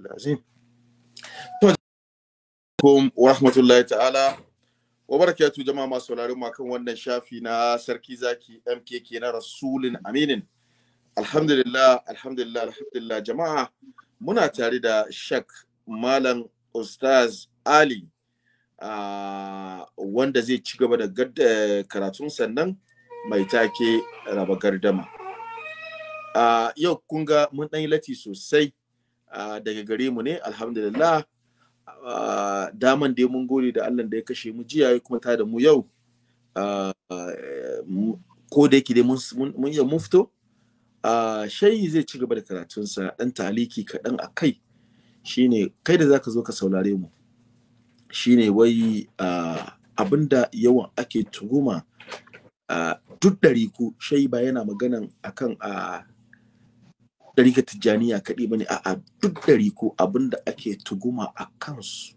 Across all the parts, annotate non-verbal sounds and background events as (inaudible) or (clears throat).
العظيم warahmatullahi ta'ala wa barakatu jama'a masu sauraron mu wannan shafi na sarki zaki MKK na rasulun aminin alhamdulillah jama'a muna tare da shak malam ustaz ali wanda zai ci gaba da eh, karatun sannan mai take raba gardama yau kun ga mun ɗan yi lati sosai daga gare mu ne alhamdulillah daman dai mun gode da Allah da ya kashe mu jiya ya kuma ta da mu yau ko da yake dai mun yi mun fito shayi zai ci gaba da karatunsa dan taliki kaɗan a kai shine kai da zaka zo ka saurare mu shine wai abinda yawan ake tuhuma duk ɗari ku shayi ba yana maganan akan a ɗarika tijjaniya kaɗai ba ne a duk ko abin da ake tuguma a kansu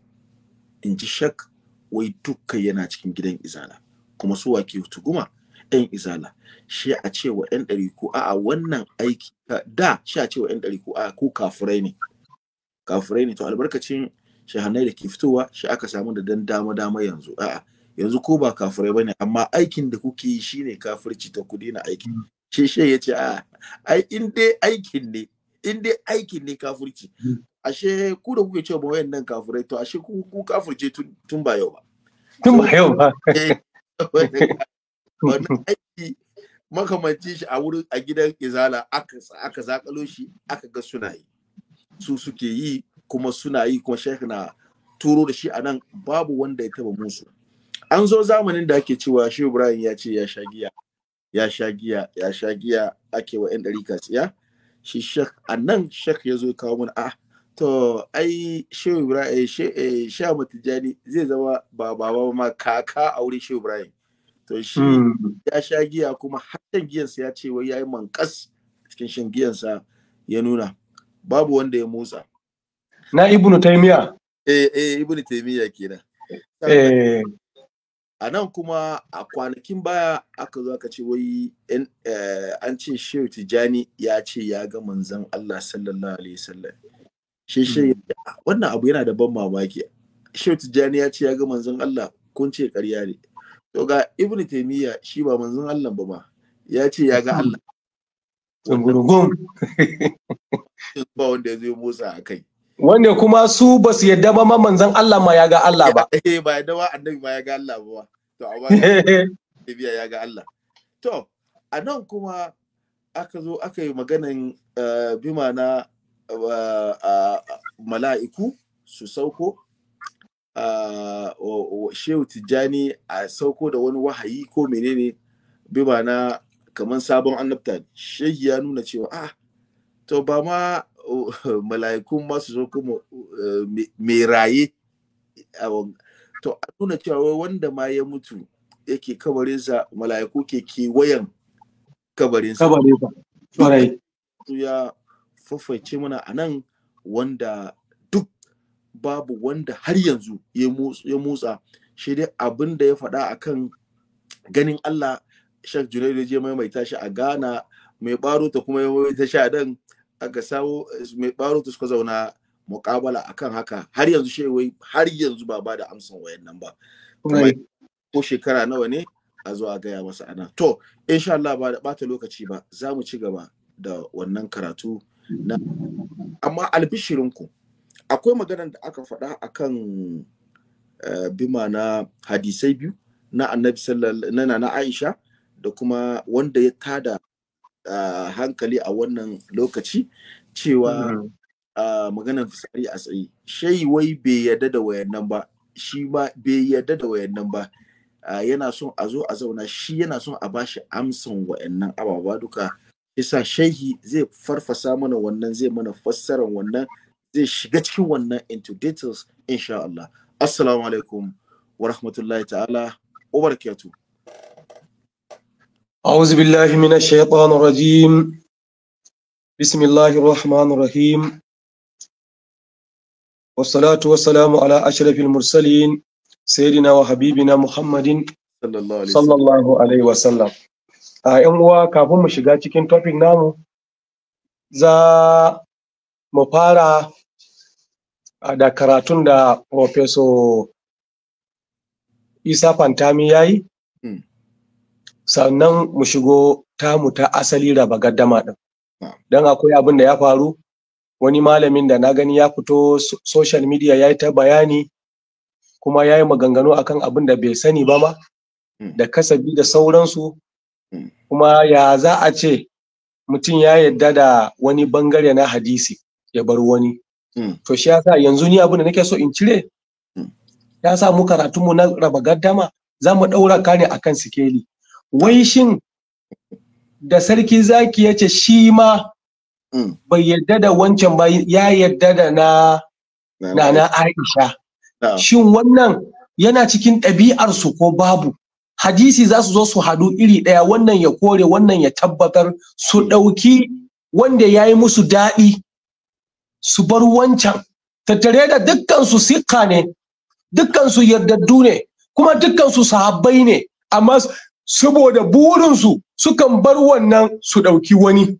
in ji shak wai dukkan yana cikin gidan izala kuma su wa ke tuguma ɗan izala shi a ce wa ɗan ko a wannan aiki da shi a ce wa ɗan ko a ko kafurai ne kafurai ne to albarkacin shahanai da ke fitowa shi aka samu da dan dama dama yanzu a'a yanzu ko ba kafurai ba ne. amma aikin da kuke yi shine kafirci ta kudi na aiki mm. shi she ya ce a ah, ai in dai aikin ne in dai aikin ne kafurci hmm. ashe ku da kuke cewa wayan nan kafurai to ashe ku ku kafurce tun ba yau ba tun ba yau ba (laughs) eh, (laughs) wannan aiki makamancin shi a wurin a gidan izala aka zakalo shi aka ga suna yi su suke yi kuma suna yi kuma shek na turo da shi a nan babu wanda ya taba musu an zo zamanin da ake cewa shi ibrahim ya ce ya sha giya ya sha giya ya sha giya ake wa 'yan ɗari katsiya shi shek a nan shek ya zo kawo mun a ah, to ai shehu ibrahim eh, sha eh, matijani zai zama ba ba ma kaka a wurin shehu ibrahim to shi hmm. ya sha giya kuma shan giyansa ya ce wai ya yi mankas cikin shan giyansa ya nuna babu wanda ya motsa na ibnu taimiya eh eh ibnu taimiya kenan eh a nan kuma a kwanakin baya aka zo aka ce wai eh, an ce shehu tijjani ya ce ya ga manzan Allah sallallahu alaihi wasallam shi hmm. wannan abu yana da ban mamaki shehu tijjani ya ce ya ga manzan Allah kun ce ƙarya ne to ga ibnu taymiya shi ba manzan Allah ba ma ya ce ya ga Allah (laughs) (laughs) ba wanda ya zo motsa a kai wanda kuma su ba su yadda ba manzan Allah ma ya ga Allah ba (laughs) eh ba yadda ba annabi ma ya ga Allah ba to amma (laughs) biya ya ga Allah to a nan kuma aka zo aka yi maganan eh, bima na eh, eh, mala'iku su sauko shehu tijjani a sauko da wani wahayi ko menene bima na kamar sabon annabta shehi ya nuna cewa ah to ba ma (laughs) mala'ikun ma su zo kuma eh, mai raye to a nuna cewa wanda ma ya mutu yake kabarinsa mala'iku ke kewayen kabarinsa ya faface mana a nan wanda duk babu wanda har yanzu ya motsa shi dai abin da ya faɗa akan ganin Allah Sheikh Junaidu je maimaita shi a Ghana mai baro ta kuma ya maimaita shi a dan aka sawo eh, mai baro suka zauna muƙabala kan haka har yanzu shewai har yanzu ba ba da amsan wayan nan ba ko shekara nawa ne a zo a gaya masa ana to insha Allah ba da bata lokaci ba za mu ci gaba da wannan karatu na amma ku. akwai maganar da aka faɗa akan eh, bima na hadisai biyu na annabi na na Aisha da kuma wanda ya tada hankali a wannan lokaci cewa mm-hmm. maganar fitsari a tsaye shai wai bai yarda da wayannan ba shi ba bai yarda da wayannan ba yana son a zo a zauna shi yana son a bashi amsan wayannan ababa duka yasa shaihi zai farfasa mana wannan zai mana fassaran wannan zai shiga cikin wannan into details insha Allah assalamu alaikum wa rahmatullahi ta'ala wa barakatuh أعوذ بالله من الشيطان الرجيم بسم الله الرحمن الرحيم والصلاة والسلام على أشرف المرسلين سيدنا وحبيبنا محمد صلى الله عليه وسلم ‘yan uwa kafin mu shiga cikin topic namu za mu fara da karatun da Professor Isa Fantami ya yi sannan mu shigo tamu ta asali raba gaddama din don akwai abin da ya faru wani malamin da na gani ya fito social media ya yi ta bayani kuma ya yi maganganu akan abin da bai sani ba ma hmm. da kasabi da sauransu hmm. kuma ya za a ce mutum ya yadda da wani bangare na hadisi ya bar wani hmm. to shi yasa yanzu ni abin da nake so in cire ya sa mu karatunmu na raba gaddama za mu ɗaura ka ne akan sikeli wai shin da sarki zaki ya ce shi ma mm. bai yarda da wancan ba ya yarda da na na Aisha shin wannan yana cikin ɗabi'arsu ko babu hadisi za su zo su haɗu iri ɗaya wannan ya kore wannan ya tabbatar su mm. ɗauki wanda ya yi musu daɗi su bar wancan tattare da dukkansu siƙa ne dukkansu yardaddu ne kuma dukkansu sahabbai ne amma saboda burinsu sukan bar wannan su ɗauki wani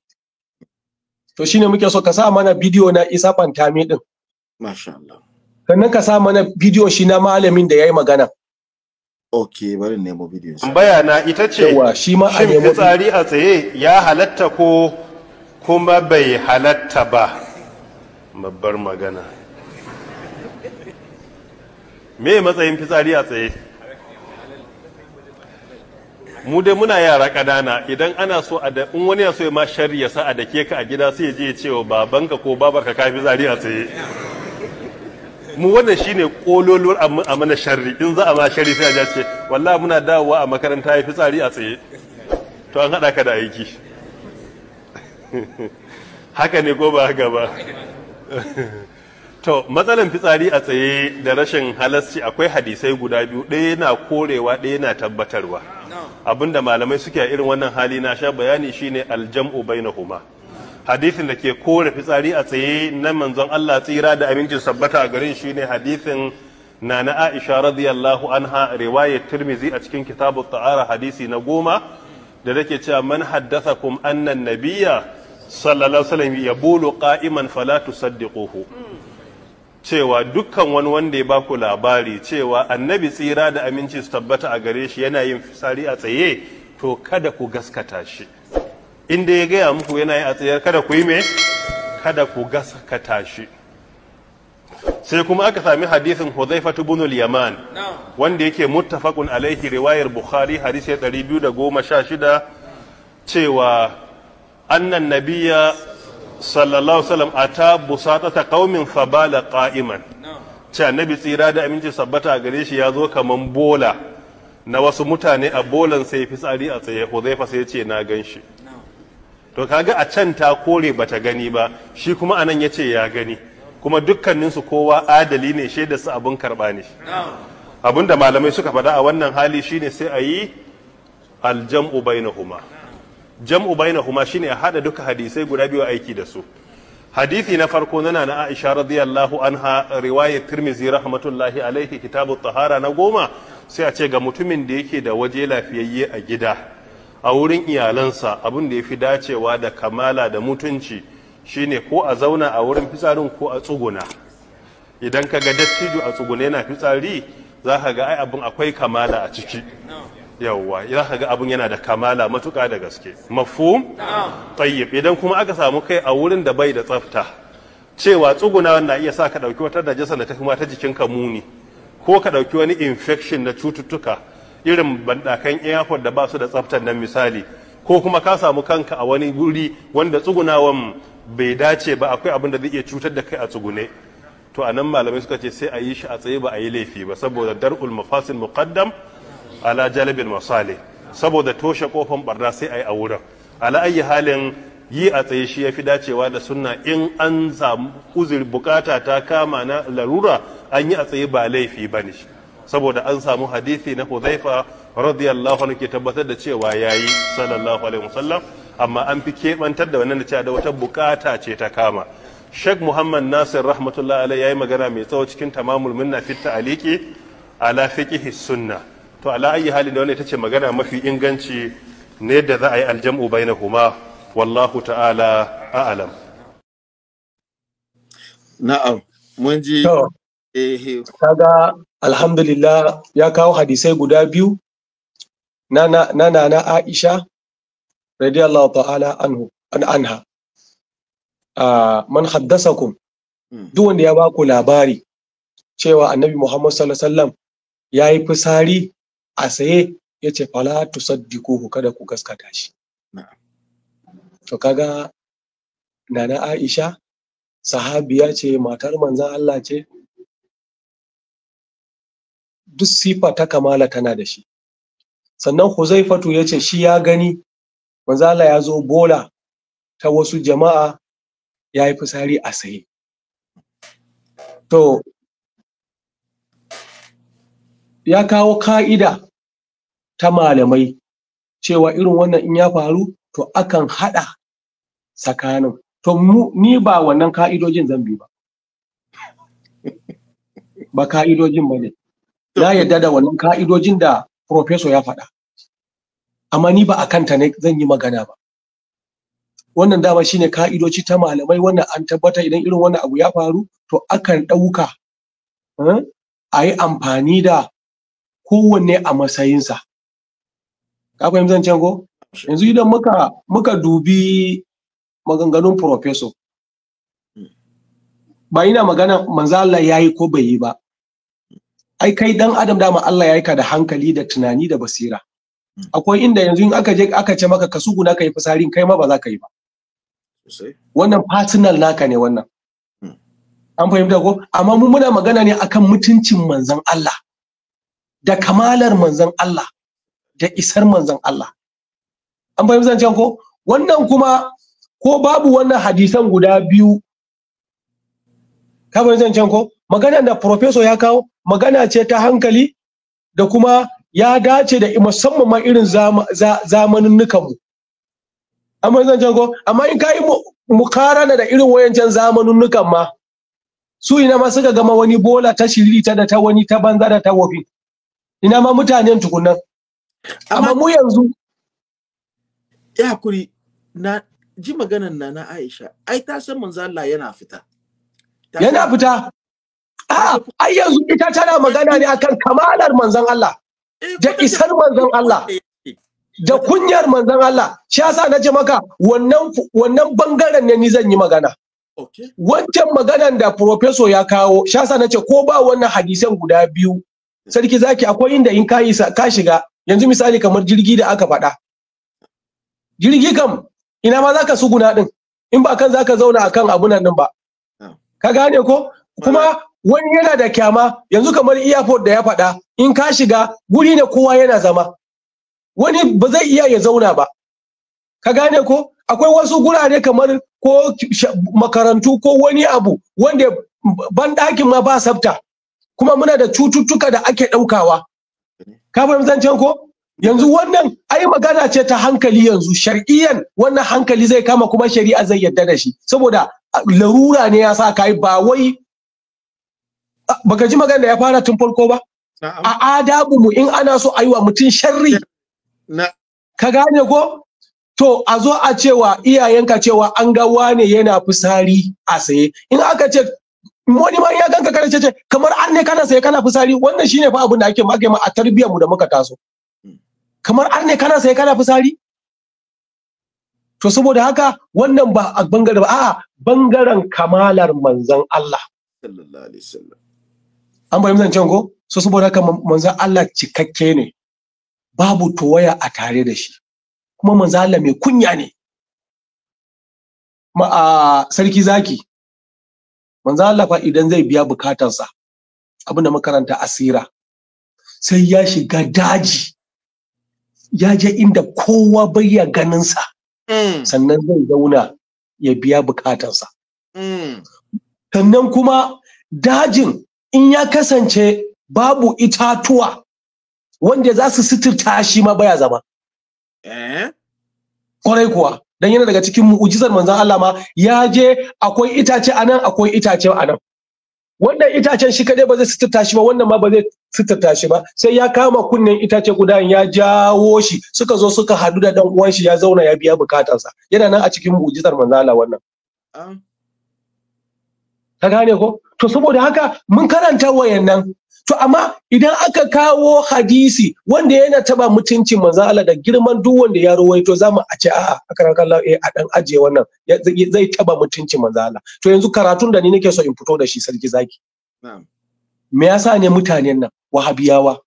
to shine muke so ka sa mana bidiyo na isa fantami din masha Allah sannan ka sa mana bidiyo shi na malamin da yayi magana Okay, bari nemo bidiyo bayana ita ce shi ma a nemo fitsari a tsaye ya halatta ko kuma bai halatta ba babbar magana me matsayin fitsari a tsaye mu dai muna yara kadana idan ana so a da in wani ya so ya ma sharri ya sa a dake ka a gida sai ya je ya ce wa babanka ko babarka ka fi zari a tsaye mu wannan shine kololuwar a mana shari in za a ma shari sai a ja ce wallahi muna dawowa a makaranta ya fi tsari a tsaye to an haɗa ka da aiki (laughs) haka ne ko ba haka ba (laughs) to matsalan fitsari a tsaye da rashin halasci akwai hadisai guda biyu ɗaya na korewa ɗaya na tabbatarwa abinda malamai suke a irin wannan hali na sha bayani shine aljam'u bainahuma hadisin da ke kore fitsari a tsaye na manzon Allah tsira da amincin sabbata a garin shine hadisin na na Aisha radiyallahu anha riwayat Tirmidhi a cikin kitabu ta'ara hadisi na goma da take cewa man haddathakum anna nabiyya sallallahu alaihi wasallam yabulu qa'iman fala tusaddiquhu cewa dukkan wani wanda ya ba ku labari cewa annabi tsira da aminci su tabbata a gare shi yana yin fisari a tsaye to kada ku gaskata shi inda ya gaya muku yana yi a tsaye kada ku yi me kada ku gaskata shi sai kuma aka sami hadisin Hudhaifatu ibn yaman wanda yake muttafaqun alaihi riwayar Bukhari hadisi 216 cewa annan nabiya sallallahu wasallam a ta busata ta kaumin fabala qa'iman ce annabi tsira da aminci sabbata a gare shi ya zo kaman bola na wasu mutane a bolan sai fitsari a tsaye huzaifa sai ce na gan shi to kaga a can ta kore bata gani ba shi kuma anan ya ce ya gani kuma dukkaninsu kowa adali ne su abin karɓa ne da malamai suka faɗa a wannan hali shine sai a yi aljam'u bainahuma huma jam'u huma shine a hada duka hadisai guda biyu aiki da su hadisi na farko nana na Aisha radiyallahu anha riwayat Tirmidhi rahmatullahi alaihi kitabu tahara na goma sai a ce ga mutumin da yake da waje lafiyayye a gida a wurin iyalansa abun da ya fi dacewa da kamala da mutunci shine ko a zauna a wurin fitsarin ko a tsuguna idan ka ga dattijo a tsuguna yana fitsari za ka ga ai abin akwai kamala a ciki yawwa za ka ga abin yana da kamala matuka da gaske mafu. tsayyib idan kuma aka samu kai a wurin da bai da tsafta cewa tsuguna na iya sa ka ɗauki wata najasa da ta kuma ta jikinka muni ko ka ɗauki wani infection na cututtuka irin bandakan airport da ba su da tsaftar nan misali ko kuma ka samu kanka a wani guri wanda tsugunawan bai dace ba akwai abin da zai iya cutar da kai a tsugune to anan malamai suka ce sai a yi shi a tsaye ba a yi laifi ba saboda dar'ul mafasil muqaddam ala jalibin masali saboda toshe kofan barna sai a yi a wurin ala ayi halin yi a tsaye shi ya fi dacewa da sunna in an samu uzur bukata ta kama na larura an yi a tsaye ba laifi ba ne saboda an samu hadisi na huzaifa radiyallahu anhu ke tabbatar da cewa yayi sallallahu alaihi wasallam amma an fi kebantar da wannan da cewa da wata bukata ce ta kama Sheikh Muhammad Nasir rahmatullahi alaihi yayi magana mai tsawo cikin tamamul minna fit ta'liqi ala fiqhi sunnah to ala ayi halin da wannan ita ce magana mafi inganci ne da za a yi aljam'u huma, wallahu ta'ala a'lam na'am mun ji eh, eh. kaga alhamdulillah ya kawo hadisai guda biyu na na na Aisha radiyallahu ta'ala anhu an anha man haddasakum hmm. duk wanda ya baku labari cewa annabi Muhammad sallallahu alaihi wasallam ya yi fisari a saye ya ce fala tusaddiquhu kada ku gaskata shi to kaga nana Aisha sahabiya ce matar manzan Allah ce duk sifa ta kamala tana da shi sannan Huzaifatu ya ce shi ya gani manzan Allah ya zo bola ta wasu jama'a ya yi fisari a saye to ya kawo ka'ida ta malamai cewa irin wannan in ya faru to akan haɗa tsakanin to mu ni ba wannan ka'idojin zan bi ba ba ka'idojin ba ne na yadda da wannan ka'idojin da professor ya faɗa amma ni ba a kanta ne zan yi magana ba wannan dama shine ka'idoci ta malamai wannan an tabbata idan irin wannan abu ya faru to akan ɗauka eh, a yi amfani da kowanne a matsayinsa ka fahimci zancen ko yanzu idan muka muka dubi maganganun professor ba ina magana manzo Allah yayi ko bai yi ba ai kai dan adam dama Allah yayi ka da hankali da tunani da basira akwai inda yanzu in aka je aka ce maka ka suguna ka yi kai ma ba za ka yi ba wannan personal naka ne wannan an fahimta ko amma mu muna magana ne akan mutuncin manzon Allah da kamalar manzon Allah da isar manzon Allah an fahimci zancen ko wannan kuma ko babu wannan hadisan guda biyu ka fahimci zancen ko magana da professor ya kawo magana ce ta hankali da kuma ya dace da musamman ma irin zamaninnukan mu an fahimci zancen ko amma in ka yi mukarana da irin wayancan zamaninnukan ma su ina ma suka gama wani bola ta shirita da ta wani ta banza da ta wafi ina ma mutanen tukunan amma mu yanzu ya kuri na ji maganan na na Aisha ai ta san manzo Allah yana fita yana fita a ah, ai yanzu ita tana magana ne akan kamalar manzon Allah eh, da isar manzon Allah da kunyar manzon Allah shi yasa na ji maka wannan wannan bangaren ne ni zan yi magana wancan maganan da professor ya kawo shi yasa na ce ko ba wannan hadisan guda biyu eh. sarki zaki akwai inda in ka shiga yanzu misali kamar jirgi da aka faɗa jirgi kam ina ma zaka suguna din in ba kan zaka zauna akan abun nan ba ah. ka gane ko kuma wani yana da kyama yanzu kamar airport da ya faɗa in ka shiga guri ne kowa yana zama wani ba zai iya ya zauna ba ka gane ko akwai wasu gurare kamar ko makarantu ko wani abu wanda ban ɗakin ma ba sabta kuma muna da cututtuka da ake ɗaukawa ka fahimci zancen ko yanzu wannan ai magana ce ta hankali yanzu shar'iyan wannan hankali zai kama kuma shari'a zai yadda da shi saboda larura ne ya sa kai ba wai baka ji magana da ya fara tun farko ba a adabu mu in ana so yi wa mutum sharri ka gane ko to a zo a cewa iyayenka cewa an ga wane yana fusari a saye in aka ce wani ma ya ganka kana ce kamar an ne kana sai kana fusari. wannan shine fa abin da ake magana a tarbiyyar mu da muka taso kamar an ne kana sai kana fusari. to saboda haka wannan ba a bangare ba a'a bangaren kamalar manzon Allah sallallahu alaihi wasallam an bari zancen ko so saboda haka manzon Allah cikakke ne babu towaya a tare da shi kuma manzon Allah mai kunya ne ma sarki zaki manzo Allah fa idan zai biya bukatarsa abin da makaranta asira sai ya shiga daji ya je inda kowa bai ya sa hmm. sannan zai zauna ya biya bukatarsa hmm. sannan kuma dajin in ya kasance babu itatuwa wanda za su suturta shi ma baya zama eh? kwarai kuwa dan yana daga cikin mu'ujizar manzon Allah ma ya je akwai itace a nan, akwai itace a nan. wannan itacen shi kadai ba zai suturta shi ba wannan ma ba zai suturta shi ba sai ya kama kunnen itace guda ya jawo shi suka zo suka hadu da dan uwan shi ya zauna ya biya bukatarsa yana nan a cikin mu'jizar manzon Allah wannan ah. ka gane ko to saboda haka mun karanta wayannan To amma idan aka kawo hadisi wanda yana taba mutuncin manzo Allah da girman duk wanda ya ruwaito zamu a ce a'a akaran Allah eh a dan aje wannan zai taba mutuncin manzo Allah. To yanzu karatun da ni nake so in fito da shi sarki zaki. Na'am. Me yasa ne mutanen nan wahabiyawa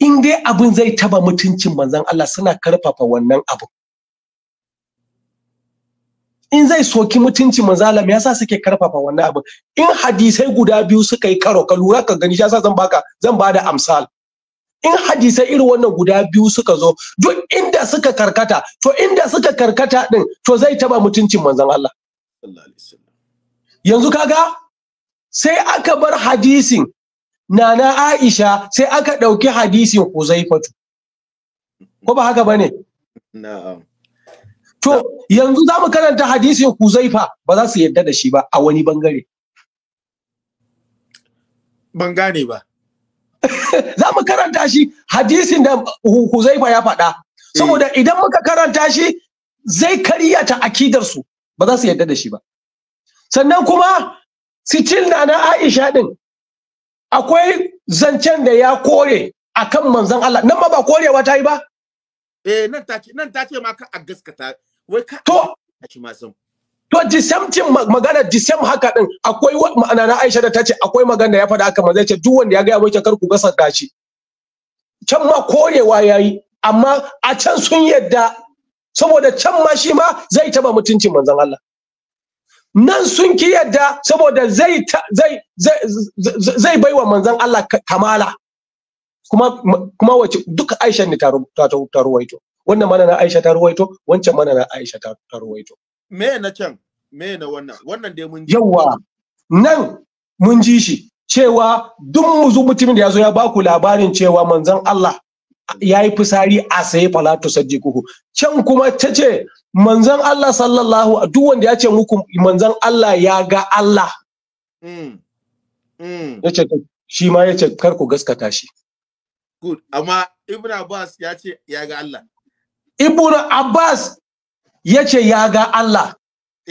in dai abin zai taba mutuncin manzon Allah suna karfafa wannan abu. in zai soki mutuncin manzalam ya yasa suke karfafa wannan abu in hadisai guda biyu suka yi karo ka lura ka gani yasa zan baka zan bada amsal in hadisai irin wannan guda biyu suka zo duk inda suka karkata to inda suka karkata din to zai taba mutuncin manzon Allah yanzu kaga sai aka bar hadisin nana Aisha sai aka ɗauki hadisin Huzaifatu ko ba haka bane na'am To yanzu za mu karanta hadisin Huzaifa ba za su yarda da shi ba a wani bangare. Ban gane ba. (laughs) za mu karanta shi hadisin da Huzaifa ya faɗa. Eh. Saboda idan muka karanta shi zai karya ta akidarsu ba za su yarda da shi ba. Sannan kuma sicil na na Aisha din akwai zancen da ya kore akan manzon Allah nan ma ba korewa ta yi ba. Eh nan ta ce ma ka a gaskata wai ka a ci mazan to magana disam haka din akwai ma'ana na Aisha da ta ce akwai magana ya faɗa haka mazaice ce duk wanda ya ga yabo kar ku gasa gashi can ma korewa yayi amma a can sun yadda saboda can ma shi ma zai taba mutuncin manzon Allah nan sun ki yadda saboda zai zai zai baiwa manzon Allah kamala kuma kuma wace duk Aisha ne ta ta ruwaito wannan mana na Aisha ta ruwaito wancan mana na Aisha ta ruwaito me na can me na wannan wannan dai mun yawa nan mun ji shi cewa duk muzu mutumin da ya zo ya baku labarin cewa manzon Allah ya yi fisari a saye falatu sadiquhu can kuma ta ce manzon Allah sallallahu a duk wanda ya ce muku manzon Allah ya ga Allah hmm. Hmm. ya ce shi ma ya ce kar ku gaskata shi good amma Ibn Abbas ya ce ya ga Allah ibnu abbas ya ce ya ga allah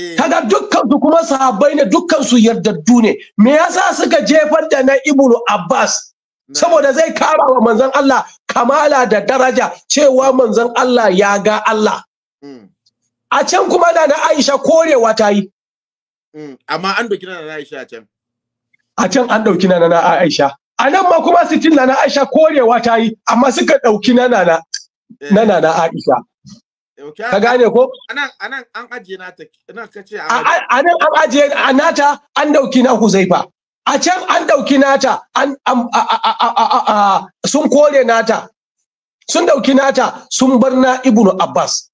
eh. kaga dukkansu kuma sahabbai ne dukkansu yardaddu ne me yasa suka jefar da na ibnu abbas saboda zai kara wa manzon Allah kamala da daraja cewa manzon Allah ya ga Allah hmm. a can kuma da na Aisha korewa ta yi hmm. amma an dauki na Aisha a can a can an dauki na na Aisha a nan ma kuma sitin na Aisha korewa ta yi amma suka dauki na na Eh. na na na Aisha ka gane ko anan anan an ajiye nata ce a anan an ajiye nata an dauki na Huzaifa a can an dauki nata an sun kore nata sun dauki nata sun bar na Ibnu Abbas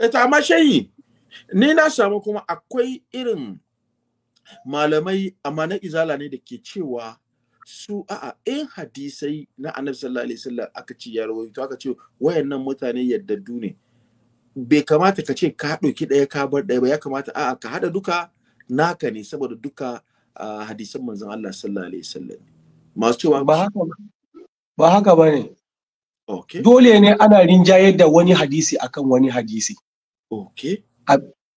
eh, ta ma shehi ni na samu kuma akwai irin malamai amma na izala ne da ke cewa su a'a in hadisai na annabi sallallahu alaihi wasallam aka ce ya rawaito aka ce wayannan mutane yaddaddu ne bai kamata ka ce ka ɗauki ɗaya ka bar ɗaya ba ya kamata a'a ka haɗa duka naka ne saboda duka hadisan manzon Allah sallallahu alaihi wasallam masu cewa ba haka ba haka bane okay dole ne ana rinjayar da wani hadisi akan wani hadisi okay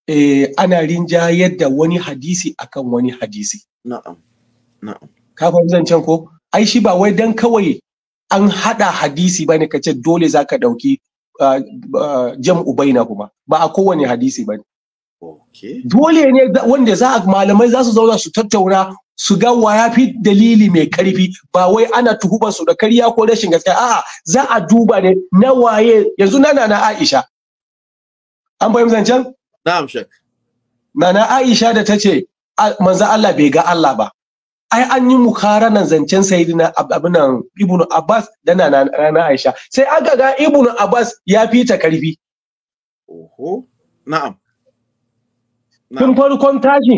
eh ana rinjayar da wani hadisi akan wani hadisi na'am na'am ka zan can ko ai shi ba wai dan kawai an hada hadisi bane ka ce dole zaka dauki uh, uh, jam'u baina kuma ba a kowane hadisi bane okay. dole ne wanda za a malamai za su zauna su tattauna su ga wa ya fi dalili mai karfi ba wai ana tuhuban su da karya ko rashin gaskiya a'a za a duba ne na waye yanzu nana na Aisha an zan zancen na'am shek nana Aisha da ta ce manzo Allah bai ga Allah ba ai an yi nan zancen sayidina abinan ibnu abbas da nana aisha sai aka ga ibnu abbas ya fi ta karfi oho na'am tun farkon tashi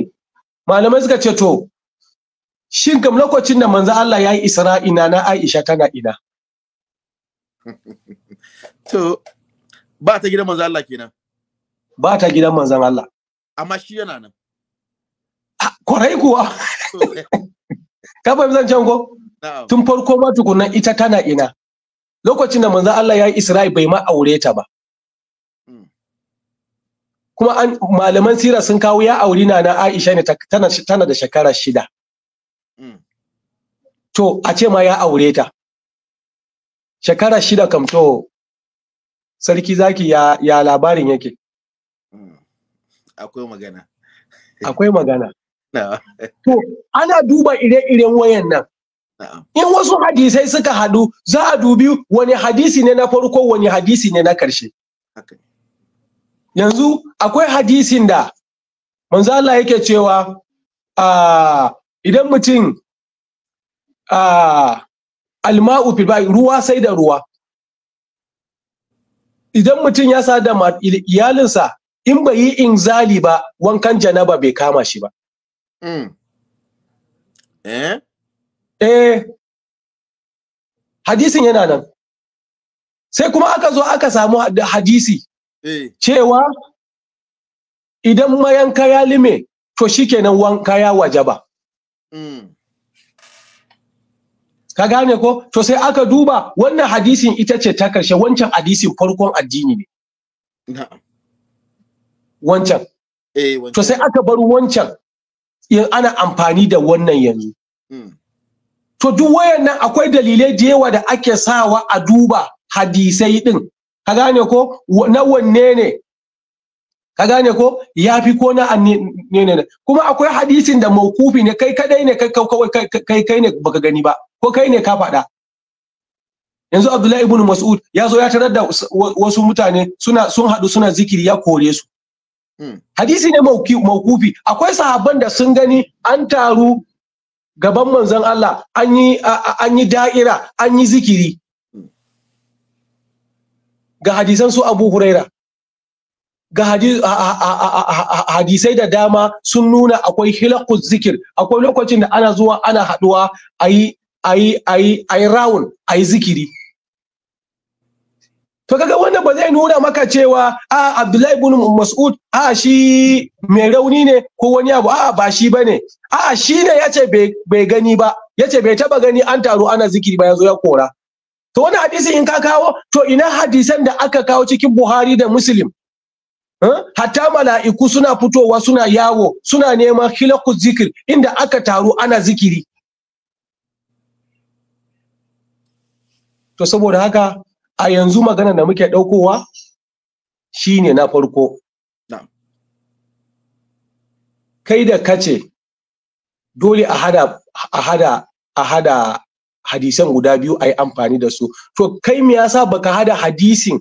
malamai suka ce to shin kam lokacin da manzo Allah ya yi Ina na aisha tana ina (laughs) to ba ta gidan manzo Allah kenan ba ta gidan manzo Allah amma shi yana nan kwarai kuwa ka fahimci zancen ko tun farko ma tukunan ita tana ina lokacin da manzo Allah ya yi Isra'i bai ma aure ta ba mm. kuma an malaman sira sun kawo ya auri na na Aisha ne tana tana da shekara shida mm. to a ce ma ya aure ta shekara shida kam to sarki zaki ya, ya labarin yake mm. akwai magana akwai magana ana duba ire-iren wayan nan. In wasu hadisai suka hadu, za a dubi wani hadisi ne na farko wani hadisi ne na karshe. Yanzu akwai hadisin da manzo Allah yake cewa idan mutum alma'u fi ba'i ruwa sai da ruwa. Idan mutum ya sa da iyalinsa in bai yi inzali ba wankan janaba bai kama shi ba. Mm. Eh? Eh. Hadisin yana nan. Sai kuma aka zo aka samu hadisi. Eh. Cewa idan mayanka ya lime to shikenan wanka ya wajaba. Mm. ka gane ko to sai aka duba wannan hadisin ita ce ta karshe wancan hadisin farkon addini ne eh, wancan to sai aka bar wancan ana amfani da wannan yanzu hmm. to duk wayannan akwai dalilai da yawa da ake sawa a duba hadisai ɗin? ka gane ko na wanne ne ka gane ko ya fi ko na ne ne kuma akwai hadisin da maukufi ne kai kadai ne kai kai kai ne baka gani ba ko kai ne ka faɗa yanzu abdullahi ibn mas'ud ya zo ya tarar da wasu mutane suna sun haɗu suna zikiri ya kore su Hmm. hadisi ne maukufi akwai sahabban da sun gani an taru gaban manzon Allah an yi da'ira an yi zikiri hmm. ga hadisan su Abu Huraira ga hadisai da dama sun nuna akwai hilakut zikir akwai lokacin da ana zuwa ana haduwa ayi ayi ayi ayi rawun ayi zikiri to kaga wannan ba zai nuna maka cewa a Abdullahi ibn Mas'ud a shi mai rauni ne ko wani abu a ba shi bane a shi ne yace bai gani ba yace bai taba gani an taro ana zikiri ba yazo ya kora to wannan hadisi in ka kawo to ina hadisan da aka kawo cikin Buhari da Muslim hatta mala'iku suna fitowa suna yawo suna neman hilaku zikir inda aka taru ana zikiri to saboda haka a yanzu magana da muke ɗaukowa shine na farko kai da kace dole a hada a hada a hada hadisan guda biyu a amfani da su to kai me yasa baka hada hadisin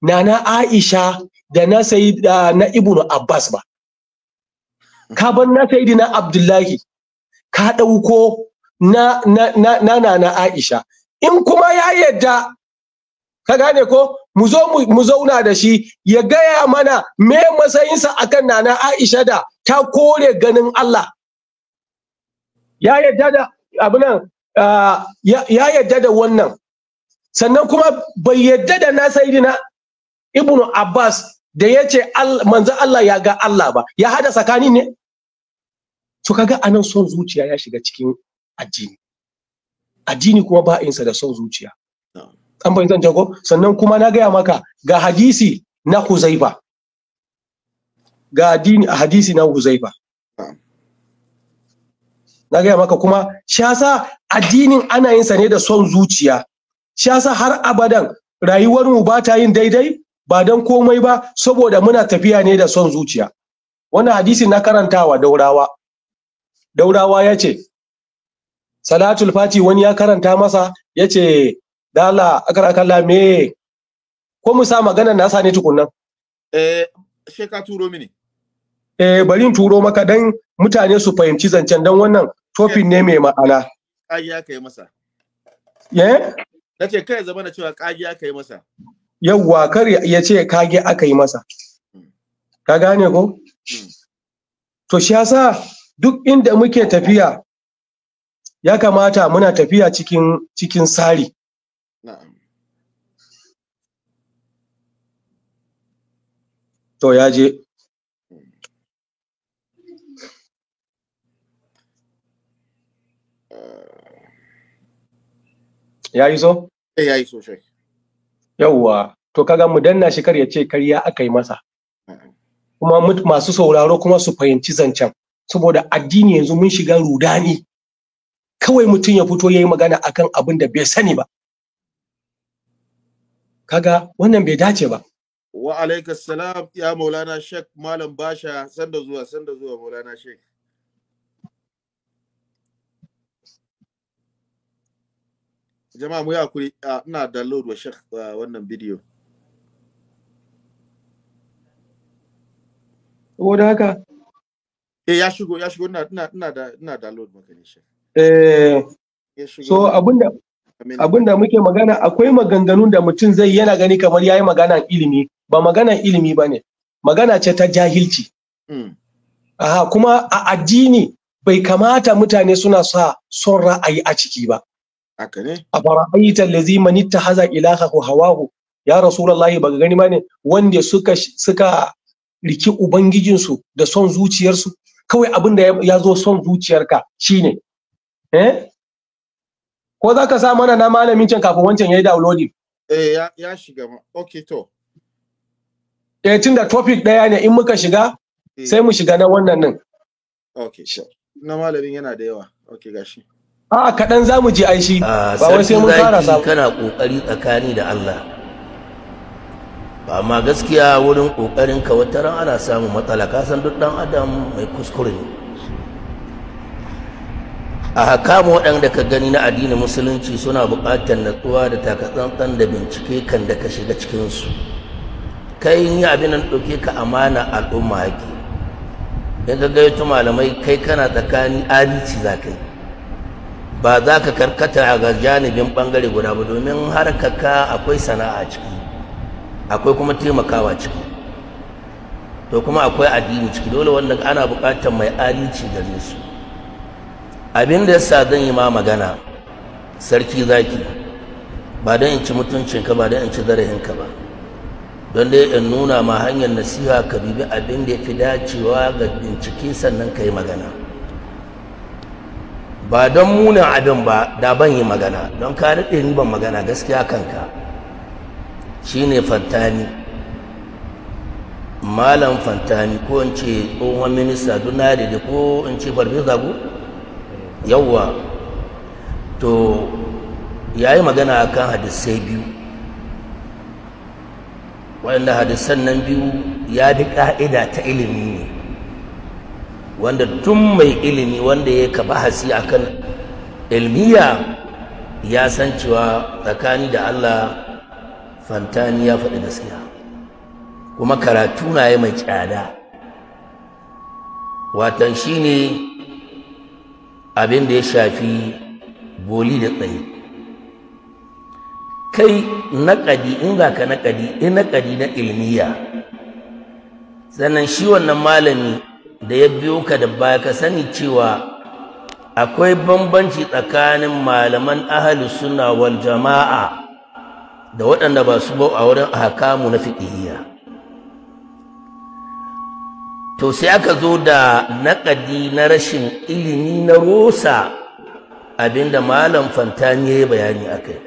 na aisha da na sai na ibnu abbas ba ka bar na sai na abdullahi ka ɗauko na na na na aisha in kuma ya yadda ka gane ko mu zo mu zauna da shi ya gaya mana me matsayinsa akan nana Aisha da ta kore ganin Allah ya yadda da ya yadda da wannan sannan kuma bai yadda da na sayidina ibnu Abbas da ya ce manzan Allah ya ga Allah ba ya hada tsakanin ne to kaga anan son zuciya ya shiga cikin addini addini kuma ba'insa da son zuciya an fahimtar jago sannan kuma na gaya maka ga hadisi na huzaifa ga dini a hadisi na huzaifa na gaya maka kuma shasa addinin ana yin sa ne da son zuciya shasa har abadan rayuwar mu ba ta yin daidai ba don komai ba saboda muna tafiya ne da son zuciya wannan hadisi na karantawa daurawa daurawa ya ce salatul fati wani ya karanta masa ya ce da Allah akar akalla me ko mu sa magana na sani tukunnan eh she ka turo mini eh bari in turo maka dan mutane su fahimci zancen dan wannan tofin ne mai ma'ana ya kai masa eh nace kai zama na cewa aka kai masa yawwa kar ya ce kage aka yi masa hmm. ka gane ko hmm. to shi yasa duk inda muke tafiya ya kamata muna tafiya cikin cikin sari to ya je ya yi so? Eh, ya yi so shai yawwa to kaga mu danna shi kar ya ce karya aka yi masa kuma masu sauraro kuma su fahimci zancen saboda addini yanzu mun shiga rudani kawai mutum ya fito ya yi magana akan abin da bai sani ba kaga wannan bai dace ba Wa alaikas salam ya Maulana shek Malam Basha sanda zuwa sanda zuwa Maulana shek Jama'a mu ya kuri ina download wa shek wannan bidiyo. Saboda haka? Eh ya shigo ya shigo ina ina da ina download maka ne shek Eh so abinda abinda muke magana akwai maganganun da mutum zai yana gani kamar yayi magana ilimi ba magana ilimi ba ne magana ce ta jahilci hmm. Aha, kuma a addini bai kamata mutane suna sa son ra'ayi a ciki ba a fara'aita lazi manitta haza ilaha ko hawahu ya rasulullahi ba gani ba ne wanda suka suka riki ubangijinsu da son zuciyarsu kawai abin da ya zo son zuciyarka shine eh ko za ka sa mana na malamin can kafin wancan ya yi downloading eh ya shiga ma okay to eh tun da topic ɗaya ne in muka shiga eh. sai mu shiga na wannan nan okay na malamin yana da yawa okay gashi a kaɗan za mu ji ai shi ah, ba wai sai mun fara sa kana kokari tsakani da Allah ba ma gaskiya wurin kokarin ka wata ran ana samun matsala ka san duk dan adam mai kuskure ne a hakamu waɗanda ka gani na addinin musulunci suna buƙatar natsuwa da takatsantsan da bincike kan da ka shiga cikinsu su kai yi abin nan ɗauke ka amana al'umma haƙi in ka gayyato malamai kai kana tsakanin adalci za ka yi ba za ka karkata a janibin ɓangare guda ba domin harkaka akwai sana'a ciki akwai kuma taimakawa ciki to kuma akwai addini ciki dole wannan ana buƙatar mai adalci gare su abin da yasa zan yi ma magana sarki zaki ba don in ci mutuncinka ba don in ci zarahinka ba don dai in nuna ma hanyar nasiha ka bibi abin da ya fi dacewa ga bincike sannan ka yi magana ba don munin abin ba da ban yi magana don ka daɗe ni ban magana gaskiya kanka Shi ne fantani malam fantani ko in ce tsohon minista na da ko in ce barbe zago yawwa to ya yi magana akan hadisai biyu waɗanda hadisan nan biyu ya bi ka'ida ta ilimi ne wanda tun mai ilimi wanda ya ka bahasi a akan ilmiya ya san cewa tsakani da Allah fantani ya faɗi gaskiya kuma karatu na yi mai tsada watan shine abin da ya shafi boli da tsaye kai naƙadi in ba ka naƙadi in eh, naƙadi na ilmiya sannan shi wannan malami da ya biyo ka da baya ka sani cewa akwai bambanci tsakanin malaman ahli sunna wal jama'a da waɗanda ba su bau a wurin ahkamu na fiqhiyya to sai aka zo da naƙadi na rashin ilimi na rosa abinda malam fantani ya yi bayani akai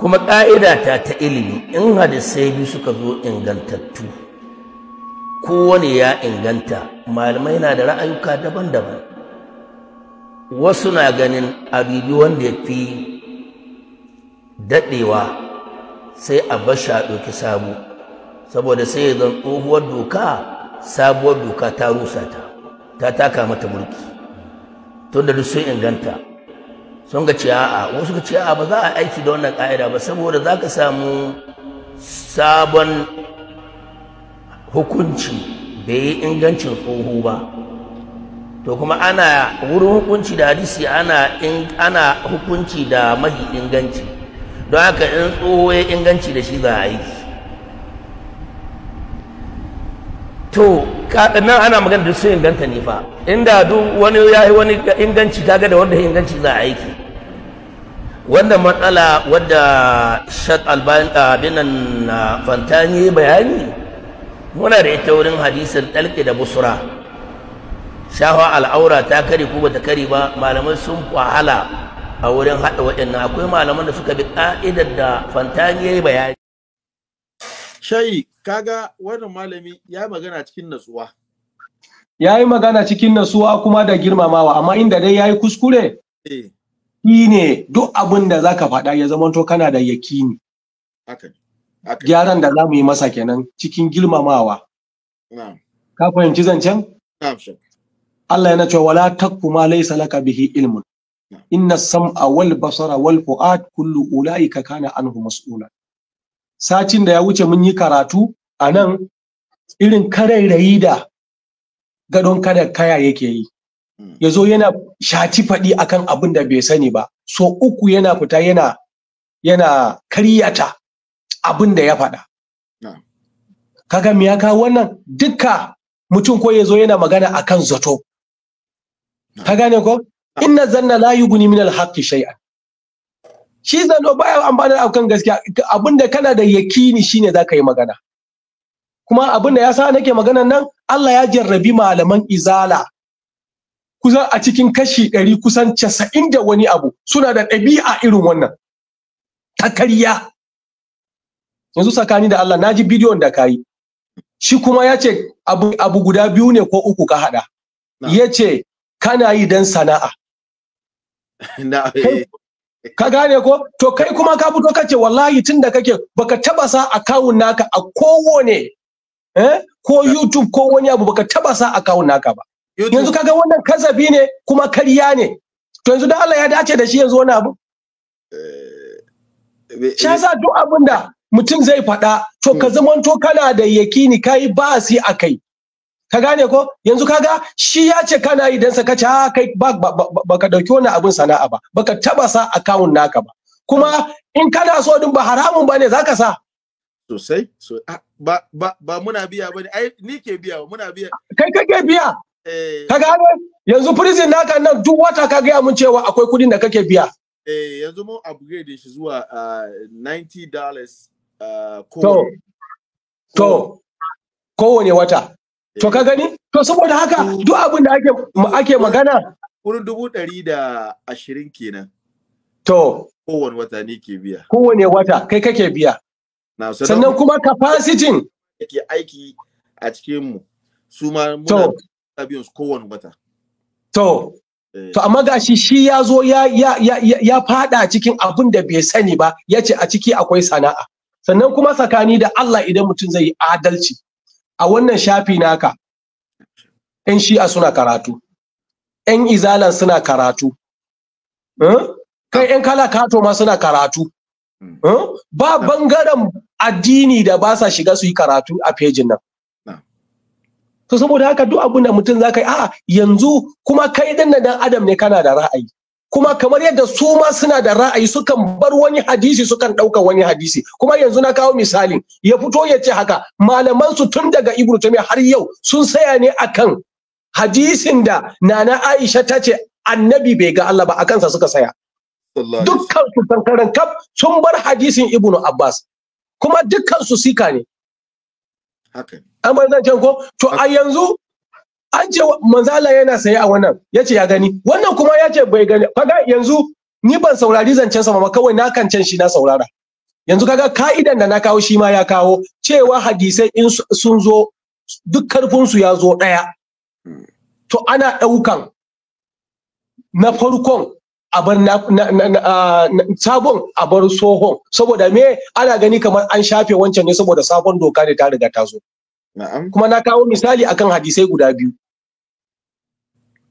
kuma ƙa'ida ta ta ilimi in hadisai biyu suka zo ingantattu kowane ya inganta malamai na da ra'ayuka daban-daban wasu na ganin abibi wanda ya fi daɗewa sai a basha ɗauki sabo. saboda sai ya zan tsohuwar doka sabuwar doka ta rusa ta ta taka mata mulki tunda duk sun inganta sun ga ciya a wasu ka ciya ba za a aiki da wannan ƙa'ida ba saboda za ka samu sabon hukunci bai yi ingancin tsoho ba to kuma ana wurin hukunci da hadisi ana ana hukunci da mahi inganci don haka in tsoho ya inganci da shi za a aiki to nan ana magana da su inganta ne fa inda duk wani ya yi wani inganci kaga da wanda ya inganci za a aiki wannan matsala wadda shat albinan ah, ah, fantani bayani muna da ita wurin hadisin ɗalƙi da busura shawa al'aura ta kare ko bata kare ba malamai sun wahala a wurin haɗa waɗannan akwai malaman da suka bi ƙa'idar da fantani ya yi bayani shayi kaga wannan malami ya magana cikin natsuwa ya yi magana cikin natsuwa kuma da girmamawa amma inda dai ya yi kuskure eh. shine duk abin da zaka faɗa ya zamanto kana da yakini gyaran da za mu yi masa kenan cikin girmamawa ka fahimci zancen Allah yana cewa wala takku laysa laka bihi ilmun inna sam'a wal basara wal fu'ad kullu ulaika kana anhu mas'ula sacin da ya wuce mun yi karatu a nan irin karairayi da gadon kada kaya yake yi ya zo yana shati faɗi akan abin da bai sani ba so uku yana fita yana yana karyata abin da ya faɗa kaga me ya kawo wannan dukka mutum ko ya zo yana magana akan zato ka gane ko inna zanna la yuguni min al-haqqi shay'an shi zano baya amfana da akan gaskiya abinda kana da yakini shine zaka yi magana kuma abinda ya sa nake maganan nan Allah ya jarrabi malaman izala kusan a cikin kashi ɗari kusan casa'in da wani abu suna da ɗabi'a irin wannan ta karya yanzu tsakani da Allah naji bidiyon da kayi shi kuma ya ce abu, abu guda biyu ne ko uku ka haɗa ya ce kana yi don sana'a (laughs) eh. ka gane ko to kai kuma ka fito kace wallahi tunda kake baka taba sa akawun naka a kowane eh, ko YouTube ko wani abu baka taba sa akawun naka ba yanzu kaga wannan kazabi ne kuma kariya ne to yanzu da Allah ya dace da shi yanzu wani abu eh, eh, shi yasa duk abin da mutum zai faɗa to ka hmm. to kana da yakini kai ba si a kai ka gane ko yanzu kaga shi ya ce kana yi dan saka ha ah, kai ba baka dauki wannan abin sana'a ba baka taba sa account naka ba kuma hmm. in kana so din ba haramun bane zaka sa sosai so, ah, ba ba ba muna biya bane ai ni ke biya muna biya kai kake biya Eh. Ka gane yanzu prison naka nan duk wata ka gaya mun cewa akwai kudin da kake biya. Eh yanzu mun upgrade shi zuwa $90 ah, dollars ah, To to kowane wata. To ka eh. gani? To saboda haka duk abin da ake ake magana wurin dubu ɗari da ashirin kenan. To. Kowane wata ne ke biya. Kowane wata kai kake biya. Sannan kuma capacity. yake aiki a cikin mu. Su ma muna biyan kowane wata to eh. to amma gashi shi ya zo ya ya fada cikin abin da bai sani ba ya ce a ciki akwai sana'a sannan kuma tsakani da Allah idan mutum zai yi adalci a wannan shafi naka yan shi'a suna karatu yan izalan suna karatu eh? kai yan kalakato ma suna karatu hmm. eh? ba bangaren addini da ba sa shiga su yi karatu a fejin nan to saboda haka duk abin da mutum zaka yi a'a yanzu kuma kai dan dan adam ne kana da ra'ayi kuma kamar yadda su ma suna da ra'ayi sukan bar wani hadisi sukan ɗauka wani hadisi kuma yanzu na kawo misalin ya fito ya ce haka malaman su tun daga ibnu tamiya har yau sun saya ne akan hadisin da nana aisha ta ce annabi bai ga Allah ba akansa suka saya dukkan su kankaran kaf sun bar hadisin ibnu abbas kuma dukkan su sika ne an zan zancen ko to a yanzu an ce Allah yana saye a wannan yace ya gani wannan kuma yace ce bai gani kaga yanzu ni ban saurari zancen sa ba kawai na can shi na saurara yanzu kaga ka'idan da na kawo shi ma ya kawo cewa hadisai in sun zo duk karfin su ya zo daya hmm. to ana daukan na farkon a bar sabon a bar saboda me ana gani kamar an shafe wancan ne saboda sabon doka da ta riga ta zo kuma na kawo misali akan hadisai guda biyu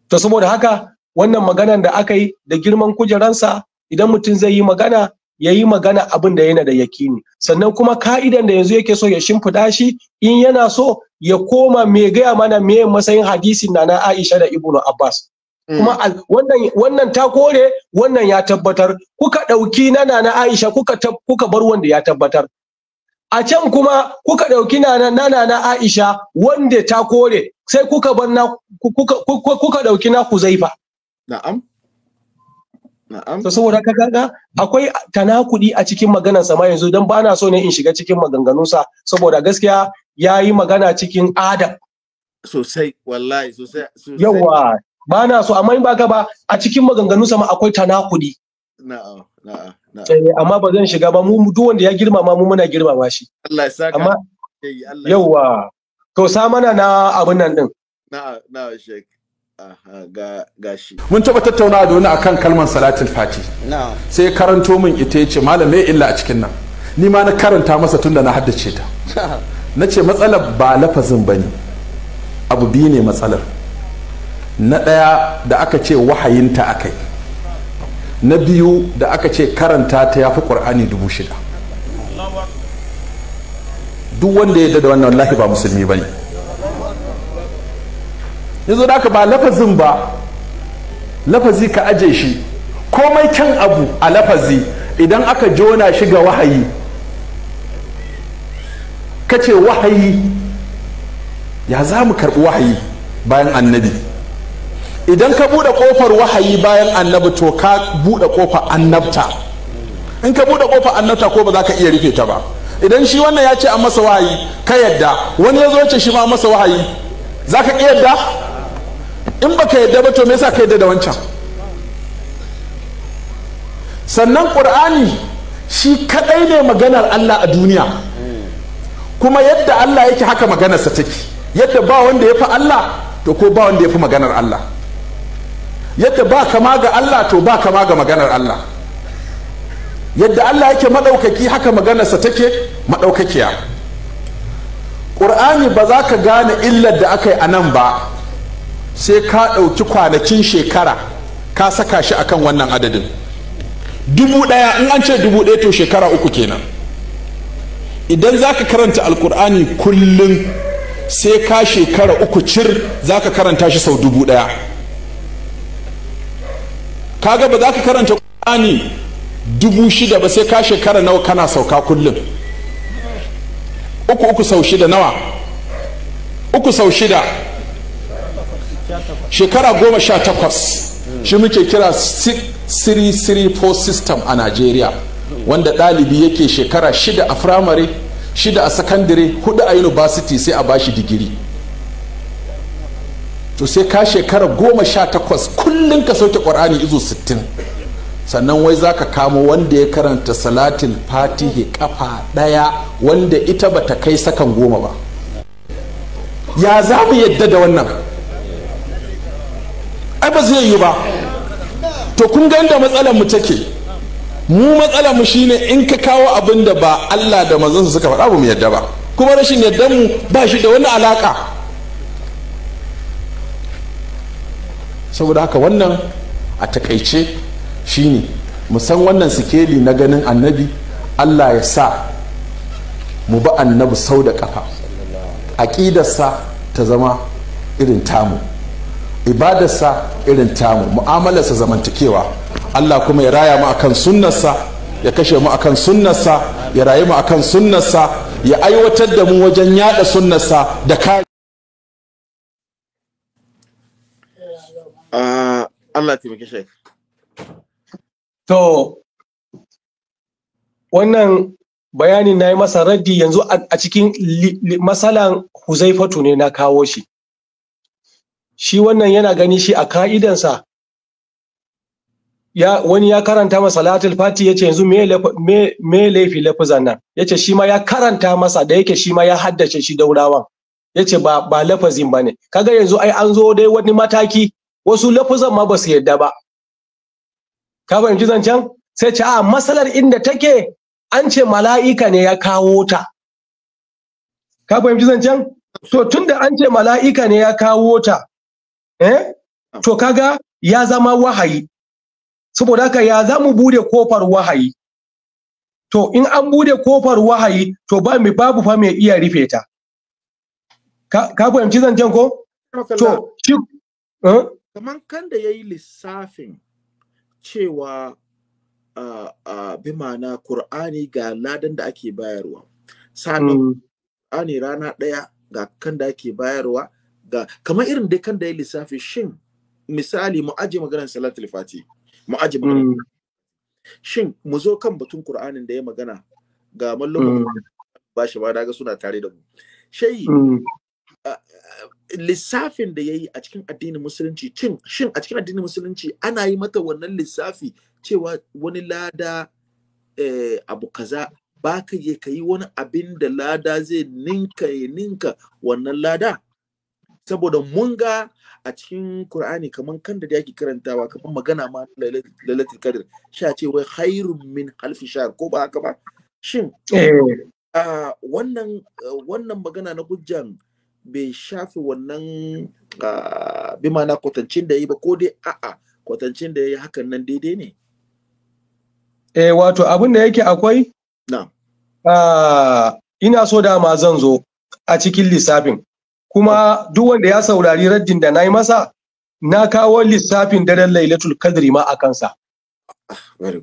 to saboda haka wannan maganan da aka yi da girman kujeransa idan mutum zai yi magana ya yi magana abin da yana da yakini sannan kuma ka'idan da yanzu yake so ya shimfiɗa shi in yana so ya koma me gaya mana me matsayin hadisin na na Aisha da Ibnu Abbas kuma mm. wannan wannan ta kore wannan ya tabbatar kuka ɗauki na nana Aisha kuka kuka bar wanda ya tabbatar a can kuma kuka ɗauki nana nana na Aisha wanda ta kore sai kuka bar na kuka kuka ɗauki na Huzaifa na'am na'am to saboda ka ga akwai tanakudi a cikin maganar sa ma yanzu dan bana so ne in shiga cikin maganganunsa saboda gaskiya yayi magana cikin adab sosai wallahi sosai yawa ba na so amma in baka ba a cikin maganganun sama akwai tanakudi na'am na'am eh, amma ba zan shiga ba mu duk wanda ya girmama mu muna girmama shi Allah ya saka amma yawa to sa mana na abin nan din na'am na'am shek mun taɓa tattaunawa da wani akan kalmar salatul fati sai karanto min ita yace ce malam illa a cikin nan ni ma na karanta masa tunda na haddace ta na ce matsalar ba lafazin ba ne abu biyu ne matsalar na ɗaya da aka ce wahayinta kai na biyu da aka ce karanta ta yafi ƙur'ani dubu shida duk wanda ya da wannan wallahi ba musulmi ba ne yanzu da aka ba lafazin ba lafazi ka aje shi komai kyan abu a lafazi idan aka jona shi ga wahayi ka ce wahayi ya za mu karɓi wahayi bayan annabi idan ka buɗe kofar wahayi bayan annabi to ka buɗe ƙofar annabta in ka buɗe kofar annabta ko ba za ka iya rufe ta ba idan shi wannan ya ce a masa wahayi ka yadda wani ya zo ce shi ma masa wahayi za ka iya yadda in ba ka yadda ba to me yasa ka yadda da wancan sannan ƙur'ani shi kaɗai ne maganar Allah a duniya kuma yadda Allah yake haka maganarsa take yadda ba wanda ya fi Allah to ko ba wanda ya fi maganar Allah yadda ba kama ga Allah to ba kama ga maganar Allah yadda Allah yake maɗaukaki haka maganarsa take maɗaukakiya ƙur'ani ba za ka gane illar da aka yi a nan ba sai ka ɗauki kwanakin shekara ka saka shi akan wannan adadin dubu ɗaya in an ce dubu ɗaya to shekara uku kenan idan za ka karanta alkur'ani kullum sai ka shekara uku cir za ka karanta shi sau dubu ɗaya kaga ba za ka karanta ƙur'ani dubu shida ba sai ka shekara nawa kana sauka kullum uku uku sau shida nawa uku sau shida shekara goma sha takwas shi muke kira po system a nigeria wanda ɗalibi yake shekara shida a firamare shida a sakandare hudu a university sai a bashi digiri to sai ka shekara goma sha takwas kullum ka sauke ƙwar'ani izo sittin sannan wai za ka kamo wanda ya karanta salatin fatihi kafa ɗaya wanda ita ba ta kai sakan goma ba ya za mu yadda da wannan ai ba zai yi ba to kun ga inda matsalar mu take mu matsalar mu shine in ka kawo abin da ba Allah da manzon suka faɗa ba mu yadda ba kuma rashin yadda mu ba shi da wani alaka saboda haka wannan a takaice shine musan wannan sikeli na ganin annabi allah ya sa mu ba annabi sau da kafa aƙidarsa ta zama irin tamu ibadarsa irin tamu mu'amalarsa zamantakewa allah kuma ya raya mu akan sunnarsa ya kashe mu akan sunnarsa ya rayu mu akan sunnarsa ya aiwatar da mu wajen yada sunnarsa da kare Ah, Allah taimake shi. To, wannan bayanin na yi masa raddi yanzu a cikin matsalan huzaifatu ne na kawo shi. Shi wannan yana gani shi a ka'idansa wani ya karanta masa latul fati ya ce yanzu me laifi lafizan nan ya ce shi ma ya karanta masa da yake shi ma ya haddace shi daurawan ya ce ba lafazin ba ne kaga yanzu ai an zo dai wani mataki wasu lafuzan ma ba su yadda ba ka fahimci zancen sai ce a masalar inda take an ce mala'ika ne ya kawo ta ka fahimci zancen to tunda an ce mala'ika ne ya kawo ta eh to kaga ya zama wahayi saboda haka ya zamu bude kofar wahayi to in an bude kofar wahayi to ba mai babu fa mai iya rufe ta ka fahimci zancen ko to shi eh? kamar kan da ya yi lissafin cewa uh, uh, bi mana Kur'ani ga ladan da ake bayarwa. Sani mm. Kur'ani rana ɗaya ga kan da ake bayarwa ga kamar irin dai kan da ya lissafi shin misali mu aje maganar salatul fati mu aje maganar mm. shin mu zo kan batun Kur'anin da ya magana ga mallumin mm. ba shi ba daga suna tare da mu. Shayi lissafin da ya yi a cikin addinin musulunci cin shin a cikin addinin musulunci ana yi mata wannan lissafi cewa wani lada eh, abu kaza ba ka yi ka yi wani abin da lada zai ninka ya ninka wannan lada saboda mun ga a cikin Kur'ani kamar kan da yake karantawa kamar magana ma lalatul kadir sha ce wai khairun min halfi shahr ko ba haka ba shin eh. ah, wannan ah, wannan magana na hujjan bai shafe wannan ah, bi mana kwatancin da yi ba ko dai a'a kwatancin da ya yi hakan nan daidai ne eh wato abin da yake akwai na ah, ina so dama zan zo a cikin lissafin kuma duk wanda ya saurari raddin da na yi masa na kawo lissafin daren lailatul kadri ma a kansa ah, very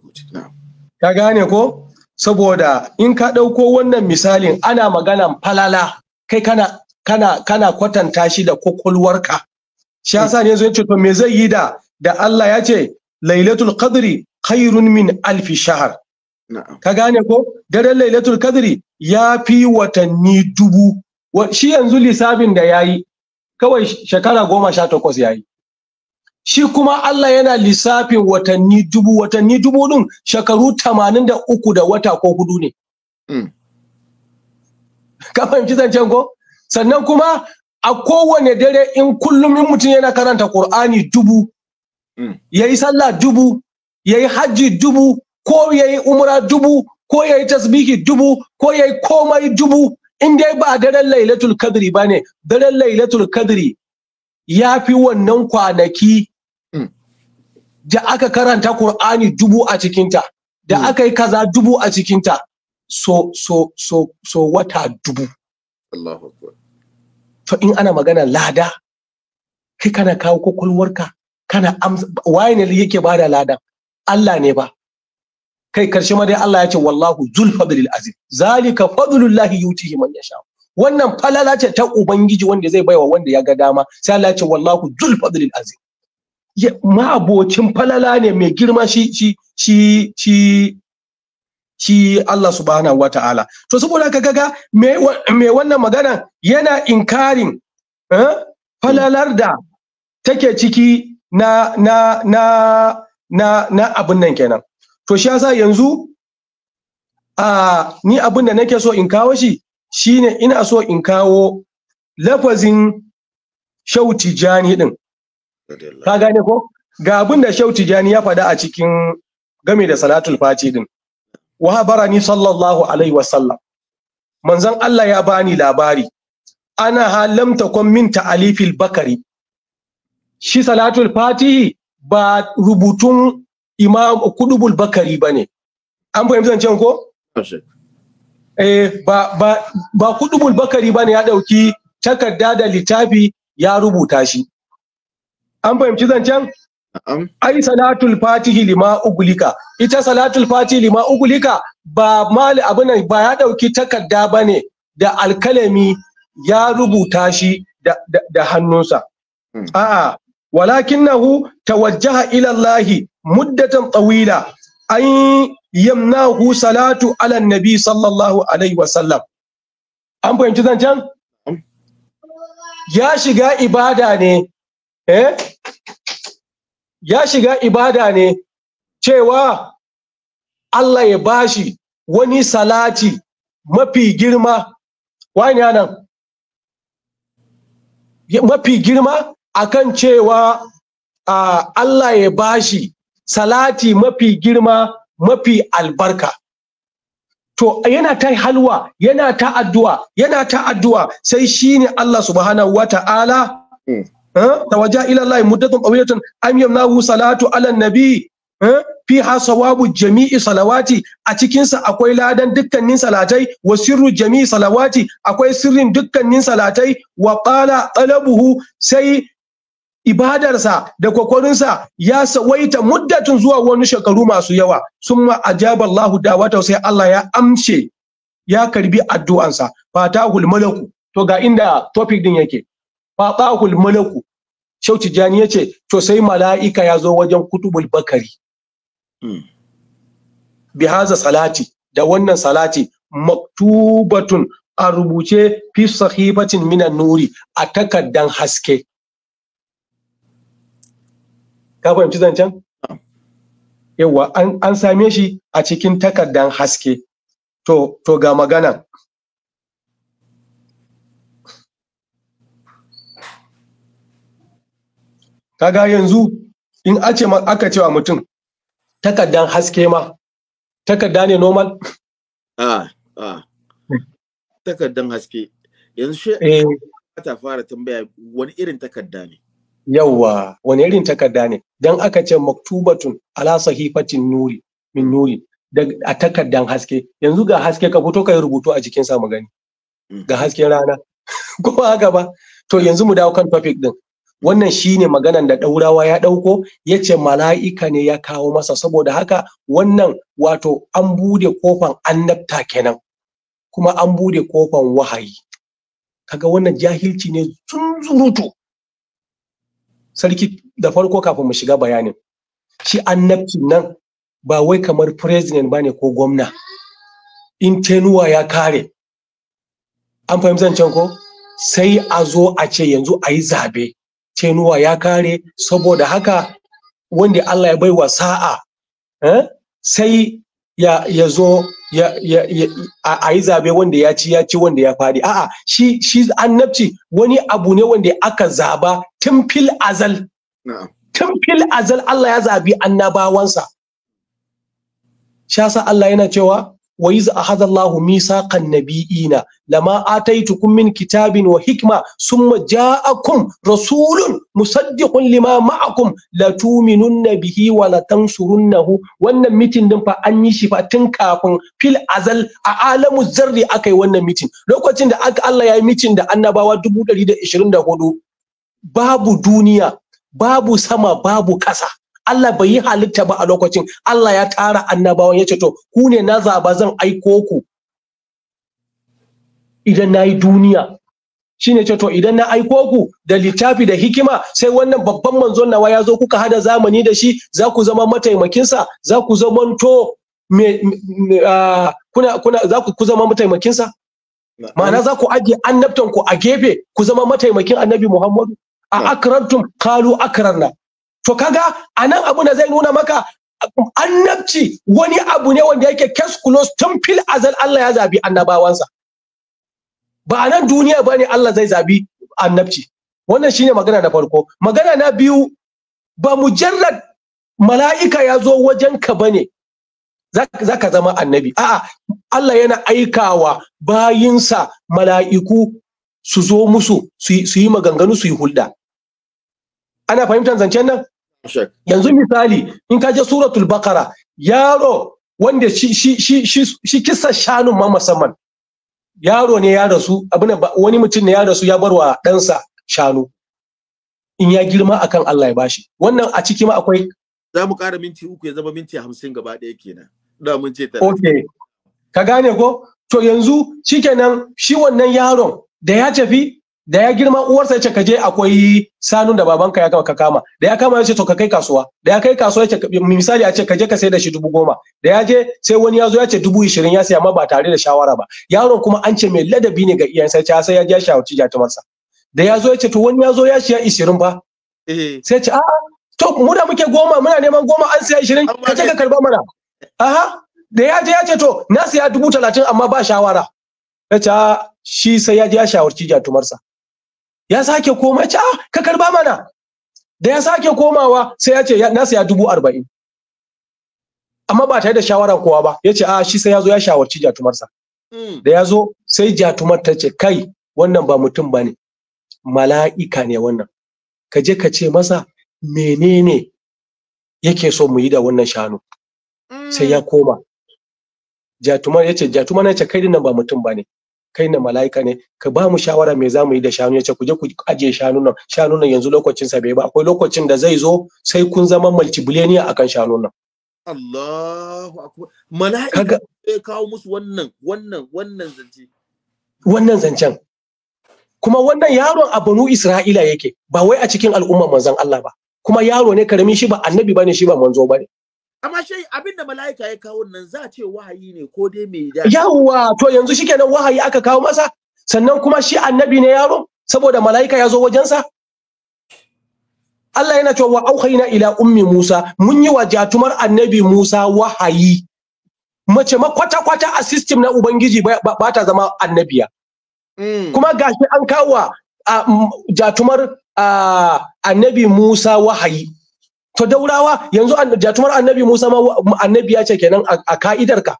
ka gane ko saboda in ka ɗauko wannan misalin ana maganan falala kai kana kana kana kwatanta shi da kokolwarka shi yasa ne yace to me zai yi da da Allah ya ce lailatul qadri khairun min alfi shahar ka gane ko daren lailatul qadri ya fi watanni dubu shi yanzu lissafin da yayi kawai shekara goma sha takwas yayi shi kuma Allah yana lissafin watanni dubu watanni dubu din shekaru tamanin da uku da wata ko hudu ne. Mm. Ka fahimci zancen ko? sannan kuma a kowane dare in kullum in mutum yana karanta Qur'ani dubu mm. yayi sallah dubu yayi hajji dubu ko yayi umra dubu ko yayi tasbihi dubu ko yayi komai dubu in dai ba daren lailatul kadri ba ne daren lailatul kadri ya fi wannan kwanaki mm. da aka karanta Kur'ani dubu a cikinta da mm. aka yi kaza dubu a cikinta so so so wata dubu to in ana magana lada kai kana kawo kwakwalwarka kana waye ne yake bada lada Allah ne ba kai karshe ma dai Allah ya ce wallahu zul fadlil azim zalika fadlullahi yutihi man yasha wannan falala ce ta ubangiji wanda zai baiwa wanda ya ga dama sai Allah ya ce wallahu zul fadlil azim ma'abocin falala ne mai girma shi shi shi shi shi Allah subhanahu wa ta'ala to saboda ka gaga me wannan magana yana inkarin eh, falalar da take ciki na na na na na abin nan kenan to shi yasa yanzu a ni abin da nake so in kawo shi shine ina so in kawo lafazin shauti jani din ka gane ko ga abin da shauti jani ya faɗa a cikin game da salatul fati din wa sallallahu alaihi wasallam manzon Allah ya bani labari ana halamta kun min ta'alifil bakari shi salatul fatihi ba rubutun imam kudubul bakari bane an fahimci zancen ko eh ba ba ba kudubul bakari bane ya dauki takarda da littafi ya rubuta shi an fahimci zancen ai salatul fatihi lima ugulika ita salatul fatihi lima ugulika ba mali abin ba ya dauki takarda bane da alkalami ya rubuta shi da, hannunsa hmm. a'a nahu ta wajaha Allah muddatan tsawila an yamnahu salatu ala nabi sallallahu alaihi wasallam an fahimci zancen ya shiga ibada ne eh ya shiga ibada ne cewa Allah ya bashi wani salati mafi girma wani nan mafi girma akan cewa uh, Allah ya bashi salati mafi girma mafi albarka to yana ta halwa yana ta addu'a yana ta addu'a sai shine Allah subhanahu wata'ala hmm. tawajja ila Allah muddatun tawilatun am yamnahu salatu ala nabi fiha sawabu jami'i salawati a cikinsa akwai ladan dukkanin salatai wa sirru jami'i salawati akwai sirrin dukkanin salatai wa qala talabuhu sai ibadarsa da kwakwarinsa ya sawaita muddatun zuwa wani shekaru masu yawa summa ajaba Allah dawata sai Allah ya amshe ya karbi addu'ansa fatahul malaku to ga inda topic din yake fatahul malaku shau tijani ce, to sai mala'ika ya zo wajen kutubul bakari hmm. bi haza salati da wannan salati maktubatun a rubuce fi sahibatin minan nuri a takardan haske ka fahimci zancen yawa an same shi a cikin takardan haske to ga magana kaga yanzu in ace aka cewa mutum takardan haske ma takarda ne normal a a takardan haske yanzu shi ta eh. fara tambaya wani irin takarda ne yawwa wani irin takarda ne dan aka ce maktubatun ala sahifatin nuri min nuri a takardan haske yanzu ga haske ka fito kai rubutu a jikin sa gani mm. ga hasken rana (laughs) ko haka ba to yanzu mu dawo kan topic din wannan shine maganan da ɗaurawa ya ɗauko ya ce mala'ika ne ya kawo masa saboda haka wannan wato an bude kofan annabta kenan kuma an bude kofan wahayi kaga wannan jahilci ne zunzurutu sarki da farko kafin mu shiga bayanin shi annabcin nan ba wai kamar president bane ko gwamna in tenuwa ya kare an fahimci ko sai a zo a ce yanzu a yi zabe tenuwa ya kare saboda haka wanda Allah ya baiwa sa'a eh, sai ya, zo a yi zabe wanda ya ci ya ci wanda ya faɗi. a'a shi shi annabci wani abu ne wanda aka zaba tun fil azal tun fil azal Allah ya zabi annabawansa shi Allah yana cewa wa iz ahadallahu misaqan nabiyina lama ataitukum min kitabin wa hikma summa ja'akum rasulun musaddiqun lima ma'akum la tu'minunna bihi wa la tansurunnahu wannan mitin din fa an yi shi fa tun kafin fil azal a alamu zarri akai wannan mitin lokacin da aka Allah ya yi mitin da annabawa 124 babu duniya babu sama babu ƙasa Allah bai yi halitta ba a lokacin Allah ya tara annabawan yace to ku ne na zaba zan aiko ku idan na yi duniya shine ce to idan na aiko ku da littafi da hikima sai wannan babban manzon nawa ya zo kuka hada zamani da shi za ku zama mataimakinsa za ku zama to kuna kuna za ku zama mataimakinsa ma'ana za ku ajiye annabtan ku a gefe ku zama mataimakin annabi muhammadu a akrantum kalu akrarna to kaga anan abu na zai nuna maka annabci wani abu ne wanda yake case close tun fil azal Allah ya zabi annabawansa ba nan duniya bane Allah zai zabi annabci wannan shine magana na farko magana na biyu ba mujarrad mala'ika ya zo wajenka bane za ka zama annabi a'a Allah yana aikawa bayinsa mala'iku su zo musu su yi maganganu su yi hulɗa ana fahimtar zancen nan yanzu misali in ka je suratul bakara yaro wanda shi shi shi shi, shi kisa shanun ma musamman yaro ne ya rasu abin wani mutum ne ya rasu ya barwa ɗansa shanu in ya girma akan Allah ya bashi wannan a ciki ma akwai za mu ƙara minti uku ya zama minti hamsin gaba ɗaya kenan da mun ce ta okay ka gane ko to yanzu shikenan shi wannan yaron da ya tafi da ya girma uwarsa ya ce ka je akwai sanun da babanka ya ka kama da ya kama ya ce to ka kai kasuwa da ya kai kasuwa ya ce misali a ce ka je ka sai da shi dubu goma da ya je sai wani ya zo ya ce dubu ishirin ya siya amma ba tare da shawara ba yaron kuma an ce mai ladabi ne ga iyayensa ya sai ya ja shawarci jatumarsa da ya zo ya ce to wani ya zo ya siya ishirin ba eh. sai ce a'a to mu da muke goma muna neman goma an siya ishirin ka je ka karba mana aha da ya je ya ce to na siya dubu talatin amma ba shawara ya ce shi sai ya je ya shawarci jatumarsa ya sake koma ce ah ka karba mana da ya sake komawa sai ya ce na saya dubu arba'in amma ba tare da shawara kowa ba ya ce a ah, shi sai ya zo ya shawarci jatumarsa mm. da ya zo sai jatumar ta ce kai wannan ba mutum ba ne mala'ika ne wannan ka je ka ce masa menene yake so mu yi da wannan shanu sai ya mm. koma jatumar ya ce jatumar ya ce kai dinnan ba mutum ba ne kai na mala'ika ne ka ba mu shawara me za mu yi da shanu ya ce ku je ku ajiye shanu nan Shanu nan yanzu lokacin sa bai ba akwai lokacin da zai zo sai kun zama multibillionaire akan shanu nan Allahu akbar mala'ika ya kawo musu wannan wannan wannan zance wannan zancen kuma wannan yaron a banu Isra'ila yake ba wai a cikin al'ummar manzon Allah ba kuma yaro ne karamin shi ba annabi bane shi ba manzo bane amma shi abinda mala'ika ya kawo nan za a ce wahayi ne ko dai me da yawwa to yanzu shikenan wahayi aka kawo masa sannan kuma shi annabi ne yaro saboda mala'ika ya zo wajensa Allah yana cewa auhayna ila ummi Musa mun yi wa jatumar annabi Musa wahayi mace ma kwata kwata a system na ubangiji ba ta zama annabiya mm. kuma gashi an kawo wa jatumar annabi Musa wahayi to daurawa yanzu jatumar annabi Musa ma annabi ya ce kenan a ka'idar ka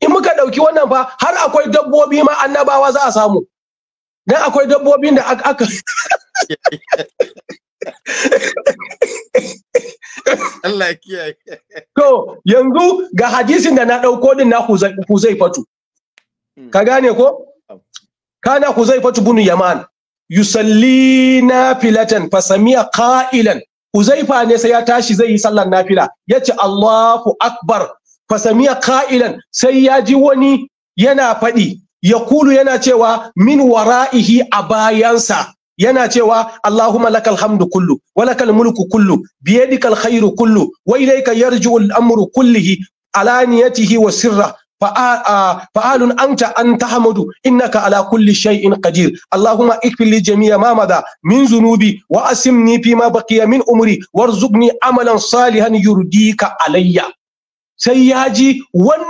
in muka dauki wannan fa har akwai dabbobi ma annabawa za a samu dan akwai dabbobin da aka Allah kiyaye to yanzu ga hadisin da na dauko din na huzai fatu hmm. ka gane ko kana huzai fatu bunu yaman yusalli filatan fasamiya qa'ilan Huzaifa ne sai ya tashi zai yi sallar nafila ya ce Allahu akbar fasamiya ka'ilan sai ya ji wani yana faɗi ya kulu yana cewa min wara'ihi a bayansa yana cewa Allahumma lakal hamdu kullu wa lakal mulku kullu biyadikal khairu kullu wa ilayka yarji'u al-amru kullihi alaniyatihi wa sirra فعال أنت أن تحمد إنك على كل شيء قدير اللهم اكفر لي جميع ما مضى من ذنوبي وأسمني فيما بقي من أمري وارزقني عملا صالحا يرديك علي سياجي ون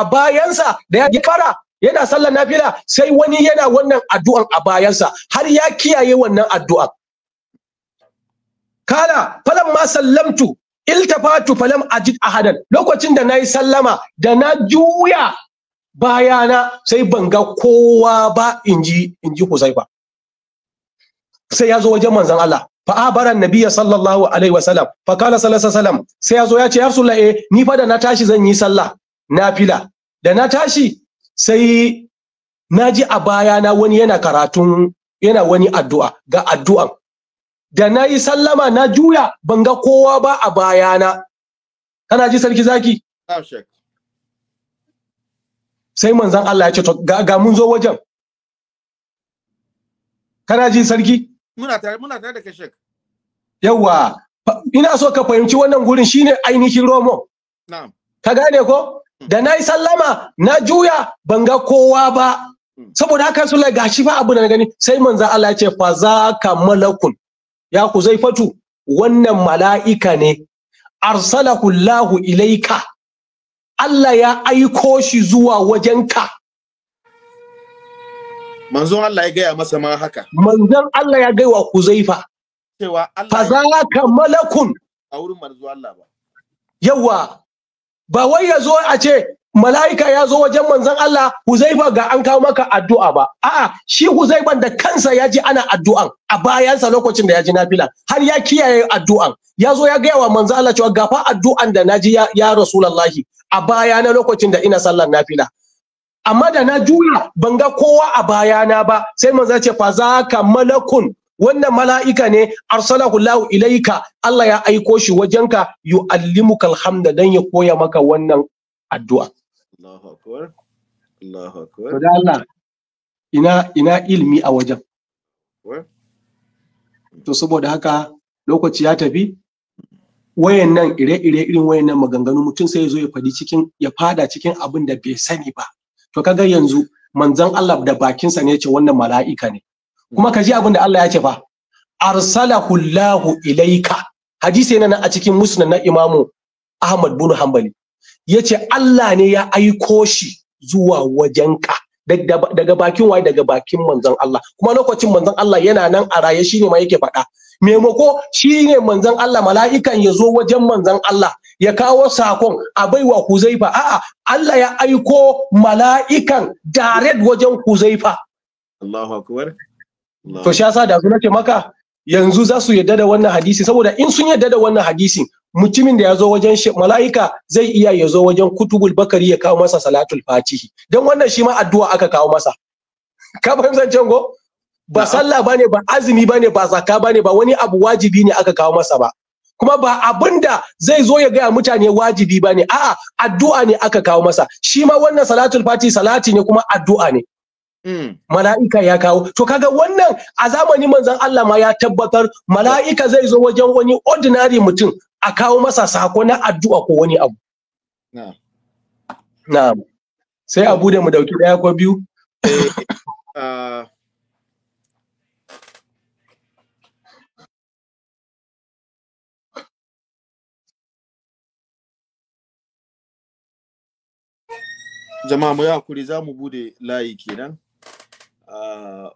a bayansa da ya fara yana sallar nafila sai wani yana wannan addu'an a bayansa har ya kiyaye wannan addu'an kala falan ma sallamtu iltafatu falam ajid ahadan lokacin da na yi sallama da na juya bayana sai ban ga kowa ba inji inji Huzaifa sai ya zo wajen manzon Allah fa abara nabiyya sallallahu alaihi wasallam fa kala sallallahu alaihi wasallam sai ya zo ya ce ya rasulullah eh ni fa da na tashi zan yi sallah nafila da na tashi sai na ji a bayana wani yana karatun yana wani addu'a ga addu'an da na yi sallama na juya ban ga kowa ba a bayana kana ji sarki zaki sai manzan Allah ya ce ga mun zo wajen kana ji sarki muna tare muna tare da kashek yawa ina so ka fahimci wannan gurin shine ainihin romo na'am ka gane ko hmm. da na yi sallama na juya ban ga kowa ba hmm. saboda haka su gashi fa abu da gani sai manzan Allah ya ce fa za ka malakun ya huzaifatu wannan mala'ika ne arsalahu Allahu ilaika Allah ya aiko shi zuwa wajenka manzon Allah ya gaya masa ma haka manzon Allah ya gaiwa huzaifa cewa Allah ka malakun a wurin manzo Allah ba yawa ba wai ya zo a ce mala'ika ya zo wajen manzon Allah Huzaifa ga an kawo maka addu'a ba a'a shi Huzaifa da kansa ya ji ana addu'an a bayansa lokacin da ya ji nafila har ya kiyaye addu'an ya zo ya gaya wa manzon Allah cewa gafa addu'an da naji ya, ya Rasulullahi a baya na lokacin da ina sallar nafila amma da na juya ban ga kowa a bayana ba sai manzo ce fa ka malakun wannan mala'ika ne arsalahu Allah ilaika Allah ya aiko shi wajenka yu'allimuka alhamda dan ya koya maka wannan addu'a Allahu akbar. Allahu akbar. To Allah ina ina ilimi a wajen. To saboda haka lokaci ya tafi wayannan ire-ire irin wayannan maganganu mutum sai ya zo ya fadi cikin ya fada cikin abin da bai sani ba. To ka ga yanzu manzon Allah da bakinsa ne ya ce wannan mala'ika ne. Kuma ka ji abin da Allah ya ce fa arsalahu llahu ilaika hadisi yana nan a cikin musnad na Imamu Ahmad bin Hanbali yace Allah ne ya aiko shi zuwa wajenka daga bakin waye daga bakin manzon Allah kuma lokacin manzon Allah yana nan a raye shine ma yake faɗa maimako shine manzon Allah mala'ikan ya zo wajen manzon Allah ya kawo sakon a baiwa kuzaifa a'a Allah ya aiko mala'ikan direct wajen kuzaifa Allahu akbar to shi yasa da su nake maka yanzu za su yarda da wannan hadisi saboda in sun yarda da wannan hadisi, mutumin da ya zo wajen mala'ika zai iya yazo wajen kutubul bakari ya kawo masa salatul fatihi don wannan shi ma addu'a aka kawo masa ka fahimtar jango ba sallah bane ba azumi bane ba zakka bane ba wani abu wajibi ne aka kawo masa ba kuma ba abin da zai zo ya gaya mutane wajibi ba ne a'a addu'a ne aka kawo masa shi ma wannan salatul fatihi salati ne kuma addu'a ne Mm. mala'ika ya kawo to kaga wannan a zamani manzon Allah ma ya tabbatar mala'ika zai zo wajen wani ordinary mutum a kawo masa sako na addu'a ko wani abu na'am sai abu da mu dauki daya ko biyu eh, uh, jama'a mu ya hakuri za mu bude layi kenan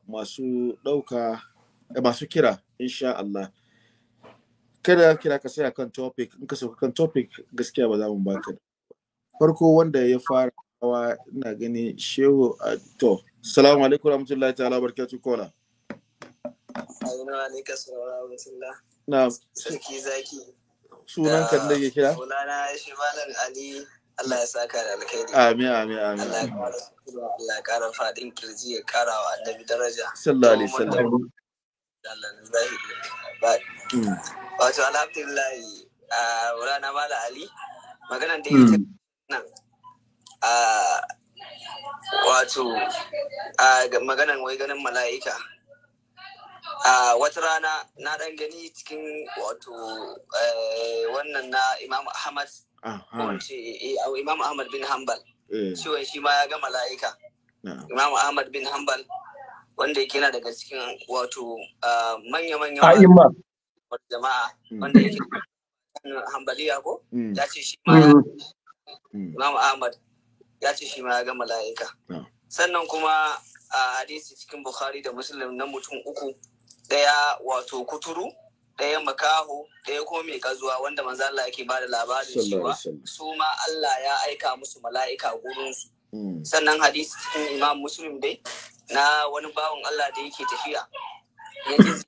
masu ɗauka eh, masu kira insha Allah kada kira ka sai kan topic in ka sauka kan topic gaskiya ba za mu baka farko wanda ya fara hawa ina gani shehu to assalamu alaikum warahmatullahi ta'ala barkatu kola assalamu alaikum warahmatullahi na'am sarki zaki sunan kan da ke kira sunana shi ali Allah ya saka da alkhairi. Amin amin amin. Allah ya kara Allah ya kara fadin kirji ya kara wa annabi daraja. Sallallahu alaihi wasallam. Allah na zahiri. Mm. Wato alhamdulillah a Maulana Mala Ali maganan da yake mm. nan wato a maganan wai ganin mala'ika a wata rana na dan gani cikin wato eh, wannan na Imam Ahmad Eh, eh, Imam Ahmad bin Hanbal. Ciwon eh. shi ma ya ga mala'ika. Imam Ahmad bin Hanbal wanda yake na daga cikin wato ah, manya-manya jama'a mm. wanda yake hambaliya ko mm. ya ce shi ma mm. Imam Ahmad ya ce shi ma ya ga mala'ika. Sannan kuma a ah, hadisi cikin Bukhari da Muslim na mutum uku daya wato kuturu ɗaya makaho ɗaya kuma mai kazuwa wanda manzo Allah yake bada labarin cewa su ma Allah ya aika musu mala'ika gurin su hmm. sannan hadisi cikin Imam Muslim dai na wani bawan Allah da yake tafiya yake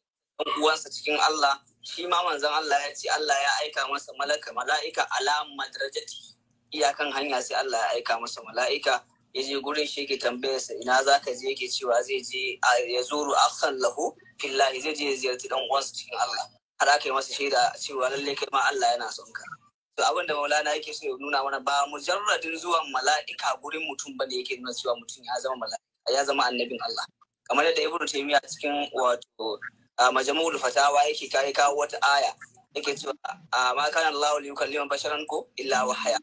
uwansa cikin Allah shi ma manzon Allah ya ce Allah ya aika masa malaka mala'ika ala madrajati iyakan hanya sai Allah ya aika masa mala'ika ya je gurin shi yake tambayar ina za ka je yake cewa zai je ya zuru akhan lahu fillahi zai je ya ziyarci dan uwansa cikin Allah har aka masa shaida cewa lallai kai ma Allah yana son ka to abin da maulana yake so ya nuna mana ba mujarradin zuwan mala'ika gurin mutum bane yake nuna cewa mutum ya zama mala'ika ya zama annabin Allah kamar yadda Ibn Taymiyyah cikin wato majmu'ul fatawa yake kai kawo wata aya yake cewa ma kana Allahu li yukallima basharan ko illa wahaya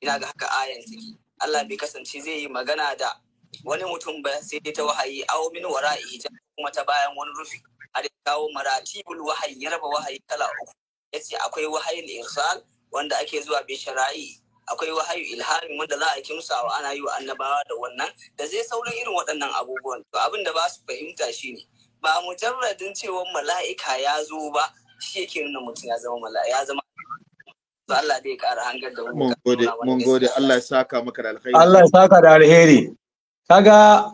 ina ga haka ayan take Allah bai kasance zai yi magana da wani mutum ba sai ta wahayi aw min wara'i kuma ta bayan wani rufi A ya kawo maratibul wahayi ya raba wahayi kala uku ya ce akwai wahayin irsal wanda ake zuwa be shara'i akwai wahayu ilhamin wanda za a kimsa wa ana yi wa annabawa da wannan da zai saurin irin waɗannan abubuwan to abin da ba su fahimta shine ba mujarradin cewa mala'ika ya zo ba shi yake nuna mutum ya zama mala'ika ya zama Allah zai ƙara hangar da mun gode mun gode Allah ya saka maka da alheri Allah ya saka da alheri kaga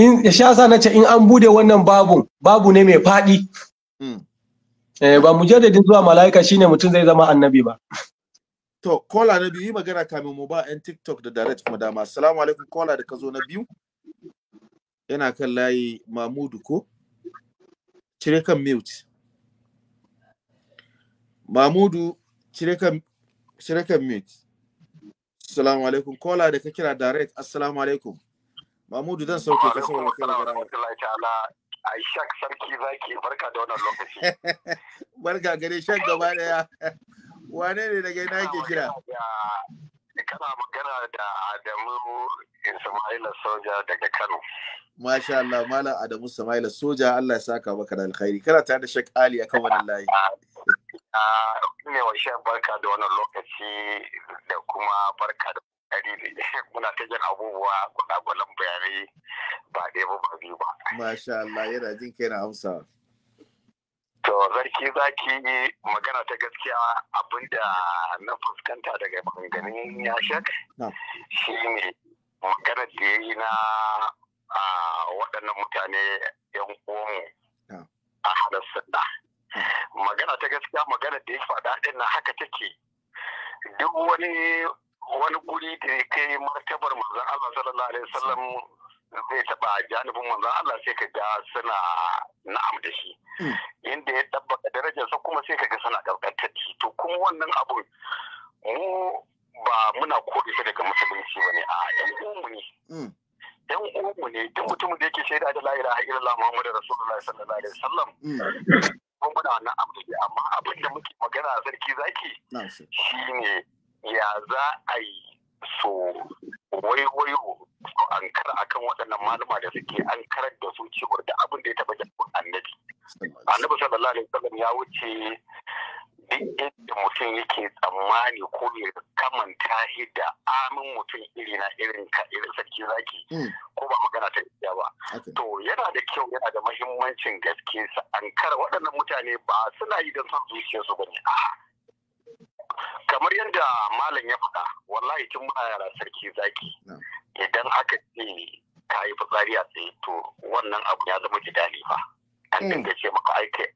in ya sa na ce in an bude wannan babun babu ne mai faɗi hmm. eh, ba mujaddadin zuwa mala'ika shine mutum zai zama annabi ba to kola na biyu yi magana kamin mu ba yan tiktok da direct kuma dama assalamu alaikum kola da ka zo na biyu yana kan layi mamudu ko cire kan mute mamudu cire kan cire kan mute assalamu alaikum kola da ka kira direct assalamu alaikum Mahmudu zan sauke ka saboda kai magana. Ai shak sarki zaki barka da wannan lokaci. (laughs) Barka gare shan gaba daya. (laughs) Wane ne daga ina ke kira? Kana magana da Adamu Ismaila Soja daga Kano. Masha Allah, Malam Adamu Ismaila Soja, Allah ya saka maka da alkhairi. Kana tare da Sheik Ali a kan wannan layi. (laughs) Ah, ne wa shan barka da wannan lokaci da kuma barka da dalili (laughs) muna ta jin abubuwa gwanagwalan bayanai ba ɗaya ba ba biyu ba. Masha Allah yana jin kai na amsa. To zarki zaki magana ta gaskiya abinda na fuskanta daga ya shak, shi ne magana da ya yi na waɗannan mutane yan uwanmu a halar Magana ta gaskiya magana da ya faɗa ɗin na haka take duk wani wani guri da ya kai martabar manzan Allah sallallahu alaihi wasallam zai taba janibin manzan Allah sai ka ga suna na'am da shi hmm. inda ya darajar sa kuma sai ka ga suna karkantar shi to kuma wannan abun mu ba muna kore shi daga musulunci ba ne a yan uwanmu ne yan hmm. uwanmu ne duk mutumin da yake shaida da la ilaha illallah muhammadu rasulullahi sallallahu alaihi wasallam kuma hmm. muna wannan da ne amma abin da muke magana sarki zaki shine ya za a yi so waiwayo su an kara akan waɗannan malama da suke an karar da su cewar da abin da ya taɓa jakun annabi annabi sallallahu alaihi wasallam ya wuce duk yadda mutum yake tsammani ko ya kamanta shi da amin mutum iri na irin ka irin sarki zaki hmm. ko ba magana ta iya ba to yana da kyau yana da mahimmancin gaske sa an kara waɗannan mutane ba suna yi don son zuciyarsu ba. a'a kamar yadda malam ya faɗa wallahi tun muna yara sarki zaki idan aka ce ka yi fitsari a tsaye to wannan abu ya zama jidali fa an eh. dinga ce maka ai kai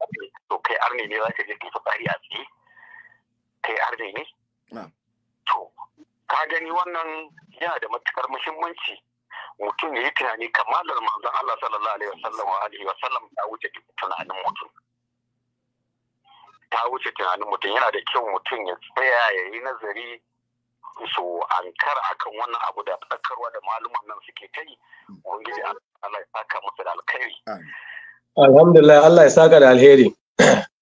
to kai arne ne za ka je ka yi fitsari a tsaye kai arne ne to ka gani wannan yana da matukar muhimmanci mutum ya yi tunani kamalar manzon Allah sallallahu alaihi wasallam alaihi wasallam ya wuce tunanin mutum ta wuce tunanin mutum yana da kyau mutum ya tsaya ya yi nazari su ankara akan wannan abu da tsakarwa da malaman nan suke ta yi ubangiji Allah ya saka musu da alkhairi alhamdulillah Allah ya saka da alheri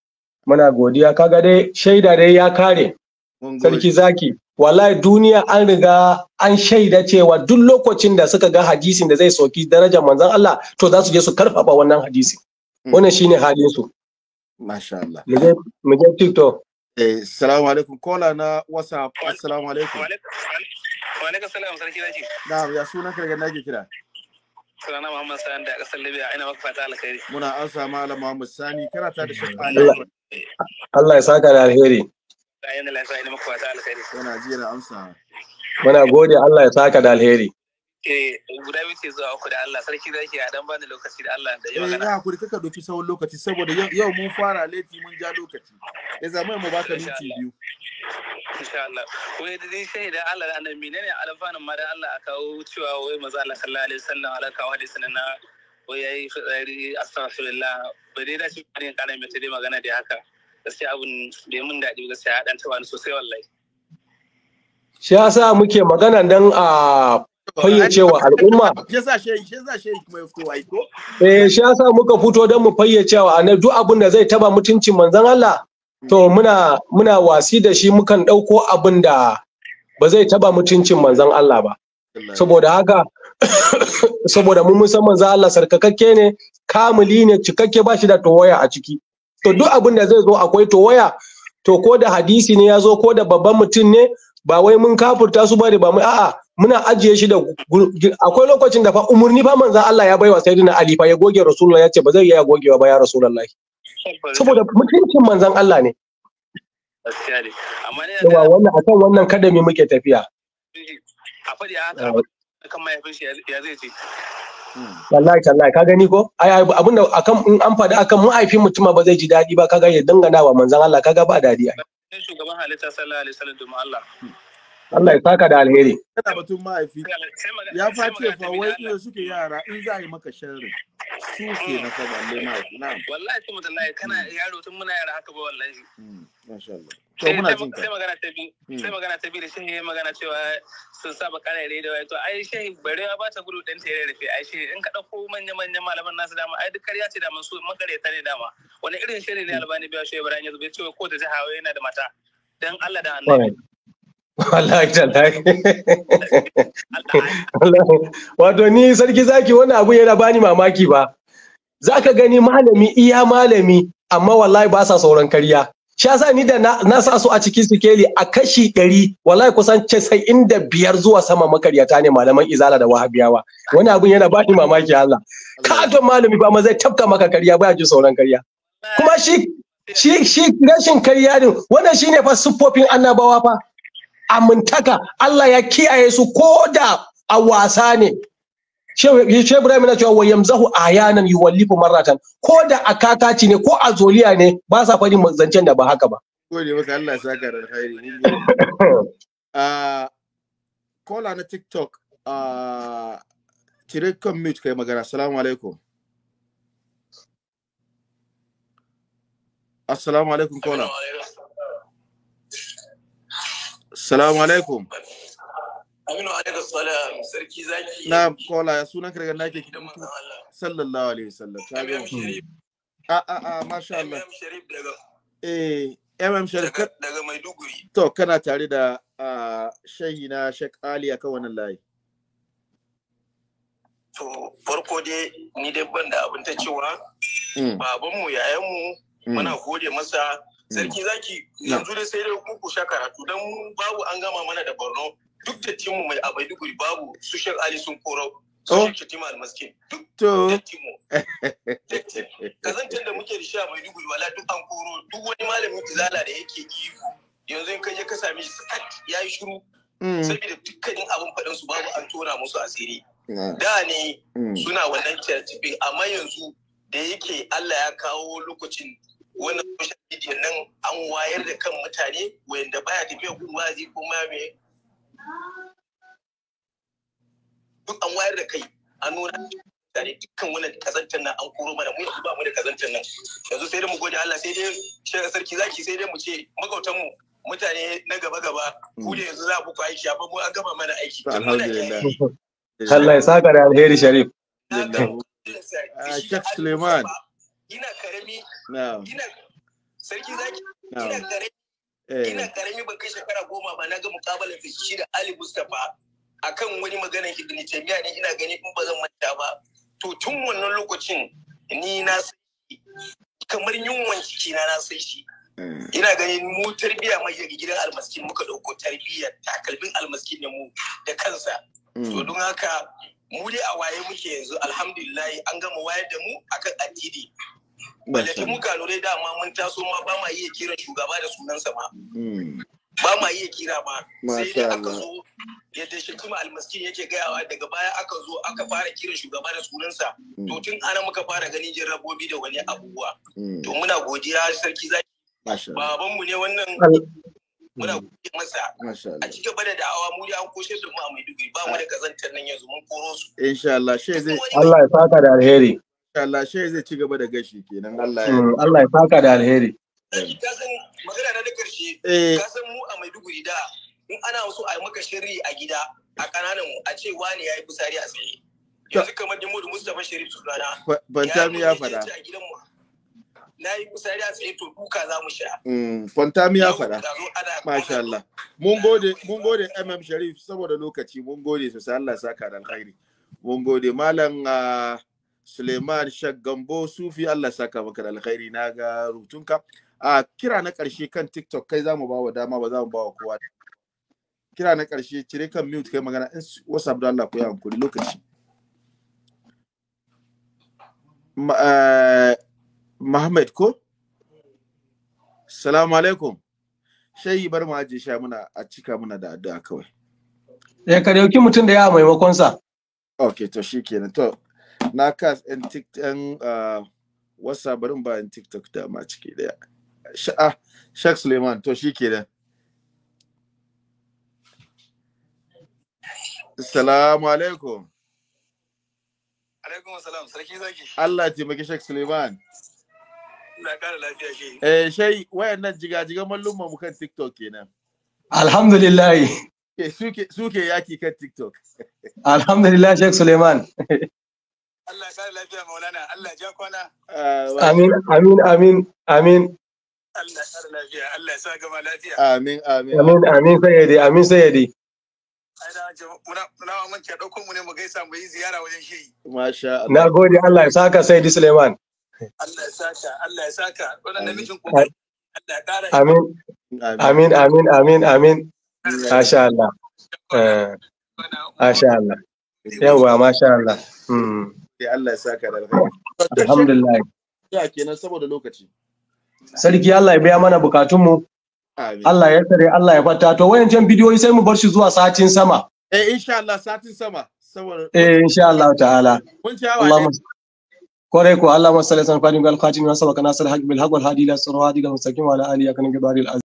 (clears throat) muna godiya kaga dai shaida dai ya kare sarki zaki wallahi duniya an riga an shaida cewa duk lokacin da suka ga hadisin da zai soki darajar manzon Allah to za su je su karfafa wannan hadisin hmm. wannan shine halin su Masha Allah. Mu je TikTok. Eh, salamu alaikum. Kola na WhatsApp. Assalamu alaikum. Wa alaikum salam sarki zaki. Na'am, ya sunan ka daga nake kira? Sunana Muhammad Sani da kasar Libya ina maka fata alkhairi. Muna an sa Malam Muhammad Sani kana ta da shi Allah ya saka da alheri. Ayyana lafiya ina maka fata alkhairi. Yana jira amsa. Muna gode Allah ya saka da alheri. Eh, guda biyu ce zuwa uku da Allah sarki zaki a dan bani lokaci da Allah da yau eh, magana. Eh hakuri kaka doki sawon lokaci saboda yau mun fara laifi mun ja lokaci. Ya zama mu baka minti biyu. Insha Allah. Wai da dai sai da Allah da annabi menene alfanin ma da Allah a kawo cewa wai maza Allah sallallahu alaihi wasallam alaka wa hadisin na wai yayi fitsari astaghfirullah bai dai dace shi ne kana mai dai magana da haka. Gaskiya abun bai mun daɗi gaskiya ya dan taba ni sosai wallahi. Shi yasa muke magana dan a fayyacewa al'umma yasa yasa kuma ya fito ko eh shi yasa muka fito don mu fayyacewa nan. duk abin da zai taba mutuncin manzon Allah to muna muna wasi da shi mukan ɗauko abin da ba zai taba mutuncin manzon Allah ba saboda haka (coughs) saboda mun san manzon Allah sarkakakke ne kamili ne cikakke ba shi da towaya a ciki to duk abin da zai zo akwai towaya to ko da hadisi ne ya zo ko da babban mutum ne ba wai mun kafurta su bane ba mu a'a muna ajiye shi da akwai lokacin da fa umurni fa manzon Allah ya baiwa sayyidina Ali fa ya goge rasulullah ya ce ba zai iya gogewa ba ya rasulullah saboda mutuncin manzon Allah ne gaskiya ne amma ne da wannan akan wannan kadami muke tafiya a fadi a kan mahaifin shi ya zai ce wallahi tallahi ka gani ko ai abinda akan in an faɗi akan mahaifin mutum ba zai ji daɗi ba kaga ya dangana wa manzon Allah kaga ba daɗi ai shugaban halitta sallallahu alaihi wasallam Allah Allah ya saka da alheri. Kana batun mahaifi. Ya face fa wai ina suke yara in za a yi maka sharri. Su ke na fa balle mahaifi. Na'am. Wallahi kuma wallahi kana hmm. yaro tun muna yara haka ba wallahi. Hmm, masha Allah. To muna jin ka. Sai magana ta bi. Hmm. Sai magana ta bi da shehi magana cewa sun saba kana yare da wai to ai shehi bare ba ta gudu dan tare rufe ai shehi in ka dauko manya manya malaman nasu dama ai duk kariya ce da mun su makareta ne dama. Wani irin shehi ne albani biya shehi Ibrahim ya zube cewa ko da jihawa yana da mata. Dan Allah da annabi. ta tallahi (laughs) wato ni sarki zaki wani abu yana bani mamaki ba zaka gani malami iya malami amma wallahi ba sa sauran karya shi ni da na sa su a cikin sikeli a kashi ɗari wallahi kusan casa'in da biyar zuwa sama makaryata ne malaman izala da wahabiyawa wani abun yana ba ni mamaki Allah ka malami ba ma zai tafka maka karya baya jin sauran karya kuma shi shi shi rashin karya din wannan shine fa siffofin annabawa fa amintaka Allah ya kiyaye su ko da a wasa ne Shehu Ibrahim na cewa wa yamzahu ayanan yuwallifu marratan ko da a kakaci ne ko a zoliya ne ba sa fadin zancen da ba haka ba. Gode maka Allah saka da alkhairi. Kola (laughs) ah, na TikTok cire ah, kan mute kai magana. Assalamu alaikum. Assalamu alaikum Kola. Salamu alaikum. Aminu alaikum salam sarki zaki. Na kola ya sunan kargan nake gidan mutum. Sallallahu alaihi wasallam. Aminu Sharif. A a a masha Allah. Aminu Sharif daga. Eh MM Sharif daga Maiduguri. To kana tare da shayi na shek Ali akan wannan layi. To farko dai ni dai ban da abin ta cewa mm. babanmu yayanmu mm. muna gode masa sarki mm. zaki yanzu da sai dai ku ku sha karatu dan babu an gama mana da Borno duk da timu mai abai duguri babu su shek Ali sun koro su oh. shek Kitima Almaskin duk da timu (laughs) kazantar da muke da shi a Maiduguri wala duk an koro duk wani malamin izala da yake ihu yanzu in kai ya ka same shi sakat yayi shiru mm. saboda dukkanin abin faɗin su babu an tona musu asiri da ne mm. suna wannan certificate amma yanzu da yake Allah ya kawo lokacin wannan social media nan an wayar da kan mutane wanda baya tafiya gun wazi ko ma me duk an wayar da kai an nuna mutane dukkan wannan kazantar nan an koro mana mu ba mu da kazantar nan yanzu sai dai mu gode Allah sai dai shirin sarki zaki sai dai mu ce magautan mu mutane na gaba gaba ku da yanzu za ku ku aiki amma mu an gaba mana aiki alhamdulillah Allah ya saka da alheri sharif ah, Sheikh Suleiman ina karami Ina sarki zaki ina karami eh. ina karami ban kai shekara goma ba na ga mukabalar shi da Ali Mustapha akan wani magana Ibn Taymiyyah ne ina gani in ba zan manta ba to tun wannan lokacin ni na san kamar yunwan ciki na na sai shi eh. ina ganin mu tarbiyya mai daga gidan almaskin muka dauko tarbiyya takalmin almaskin ne mu da kansa hmm. to don haka mu dai a waye muke yanzu alhamdulillah an gama wayar da mu akan addini Balata mu kalurai dama mun taso ma ba ma iya kiran shugaba da sunansa ma. Hmm. Ba ma iya kira ma. Sai da aka zo yadda kuma almaskin yake gayawa daga baya aka zo aka fara kiran shugaba da sunansa. Hmm. To tun ana muka fara ganin jarrabobi da wani abubuwa. Hmm. To muna godiya sarki zaki. Babanmu ne wannan muna gode masa a ci gaba da da'awa mu an koshe su mu a Maiduguri ba mu da kazantar ah. nan yanzu mun koro su insha Allah she zai Allah ya saka da alheri Allah shi zai ci gaba da gashi kenan Allah ya mm, Allah ya saka da alheri kasan magana na da eh. karshe kasan mu a Maiduguri da in ana so a maka shirri a gida a kananan mu a ce wani yayi kusari a tsaye yanzu kamar Jimodu Mustafa Sharif Sulana Fantami ya fada na yi kusari a tsaye to duka za mu sha Fantami ya fada masha Allah mun gode mun gode MM Sharif saboda lokaci mun gode sosai Allah saka da alheri mun gode malam ah, Suleiman Shaggambo Sufi Allah saka maka da alkhairi na ga rutunka. A kira na ƙarshe kan TikTok kai za mu ba wa dama ba za mu ba wa kowa. Kira na ƙarshe cire kan mute kai magana in WhatsApp da Allah ku yi hankuri lokaci. Muhammad eh, ko? Salamu alaikum. Shayi bar mu aje sha muna a cika muna da addu'a kawai. Ya eh, ka dauki mutum da ya maimakon sa. Okay to shikenan to na kas ɗin ah, tiktok wasa barin ba yan tiktok da ma ciki daya sha'a ah, shak suleiman to shi ke da salamu alaikum alaikum salam sarki zaki allah ce maki shak suleiman na kara lafiya ke eh shai wayan wayannan jigajigan mallumma mu kan tiktok kenan alhamdulillah eh, suke suke yaki kan tiktok alhamdulillah shak suleiman (laughs) Allah ya kare lafiya Maulana, Allah Amin, amin, amin, amin. Amin, amin. Amin, amin amin ziyara wajen shi. Na Allah ya saka Sayyidi Suleiman. Amin. Amin, amin, amin, amin. Masha Allah. Allah. Eh, Yawwa, masha Allah. Hmm. kai Allah ya saka da alkhairi alhamdulillah ya kenan saboda lokaci sarki Allah ya biya mana bukatunmu Allah ya tsare Allah ya fata to wayancan bidiyoyi sai mu bar shi zuwa satin sama eh insha Allah satin sama saboda eh insha Allah ta'ala kun ci hawa kwarai ko Allah masallan fadin gal khatim na sabaka nasal haqq bil haqq wal hadi la sirra hadi gal mustaqim wa ala alihi kana gabaril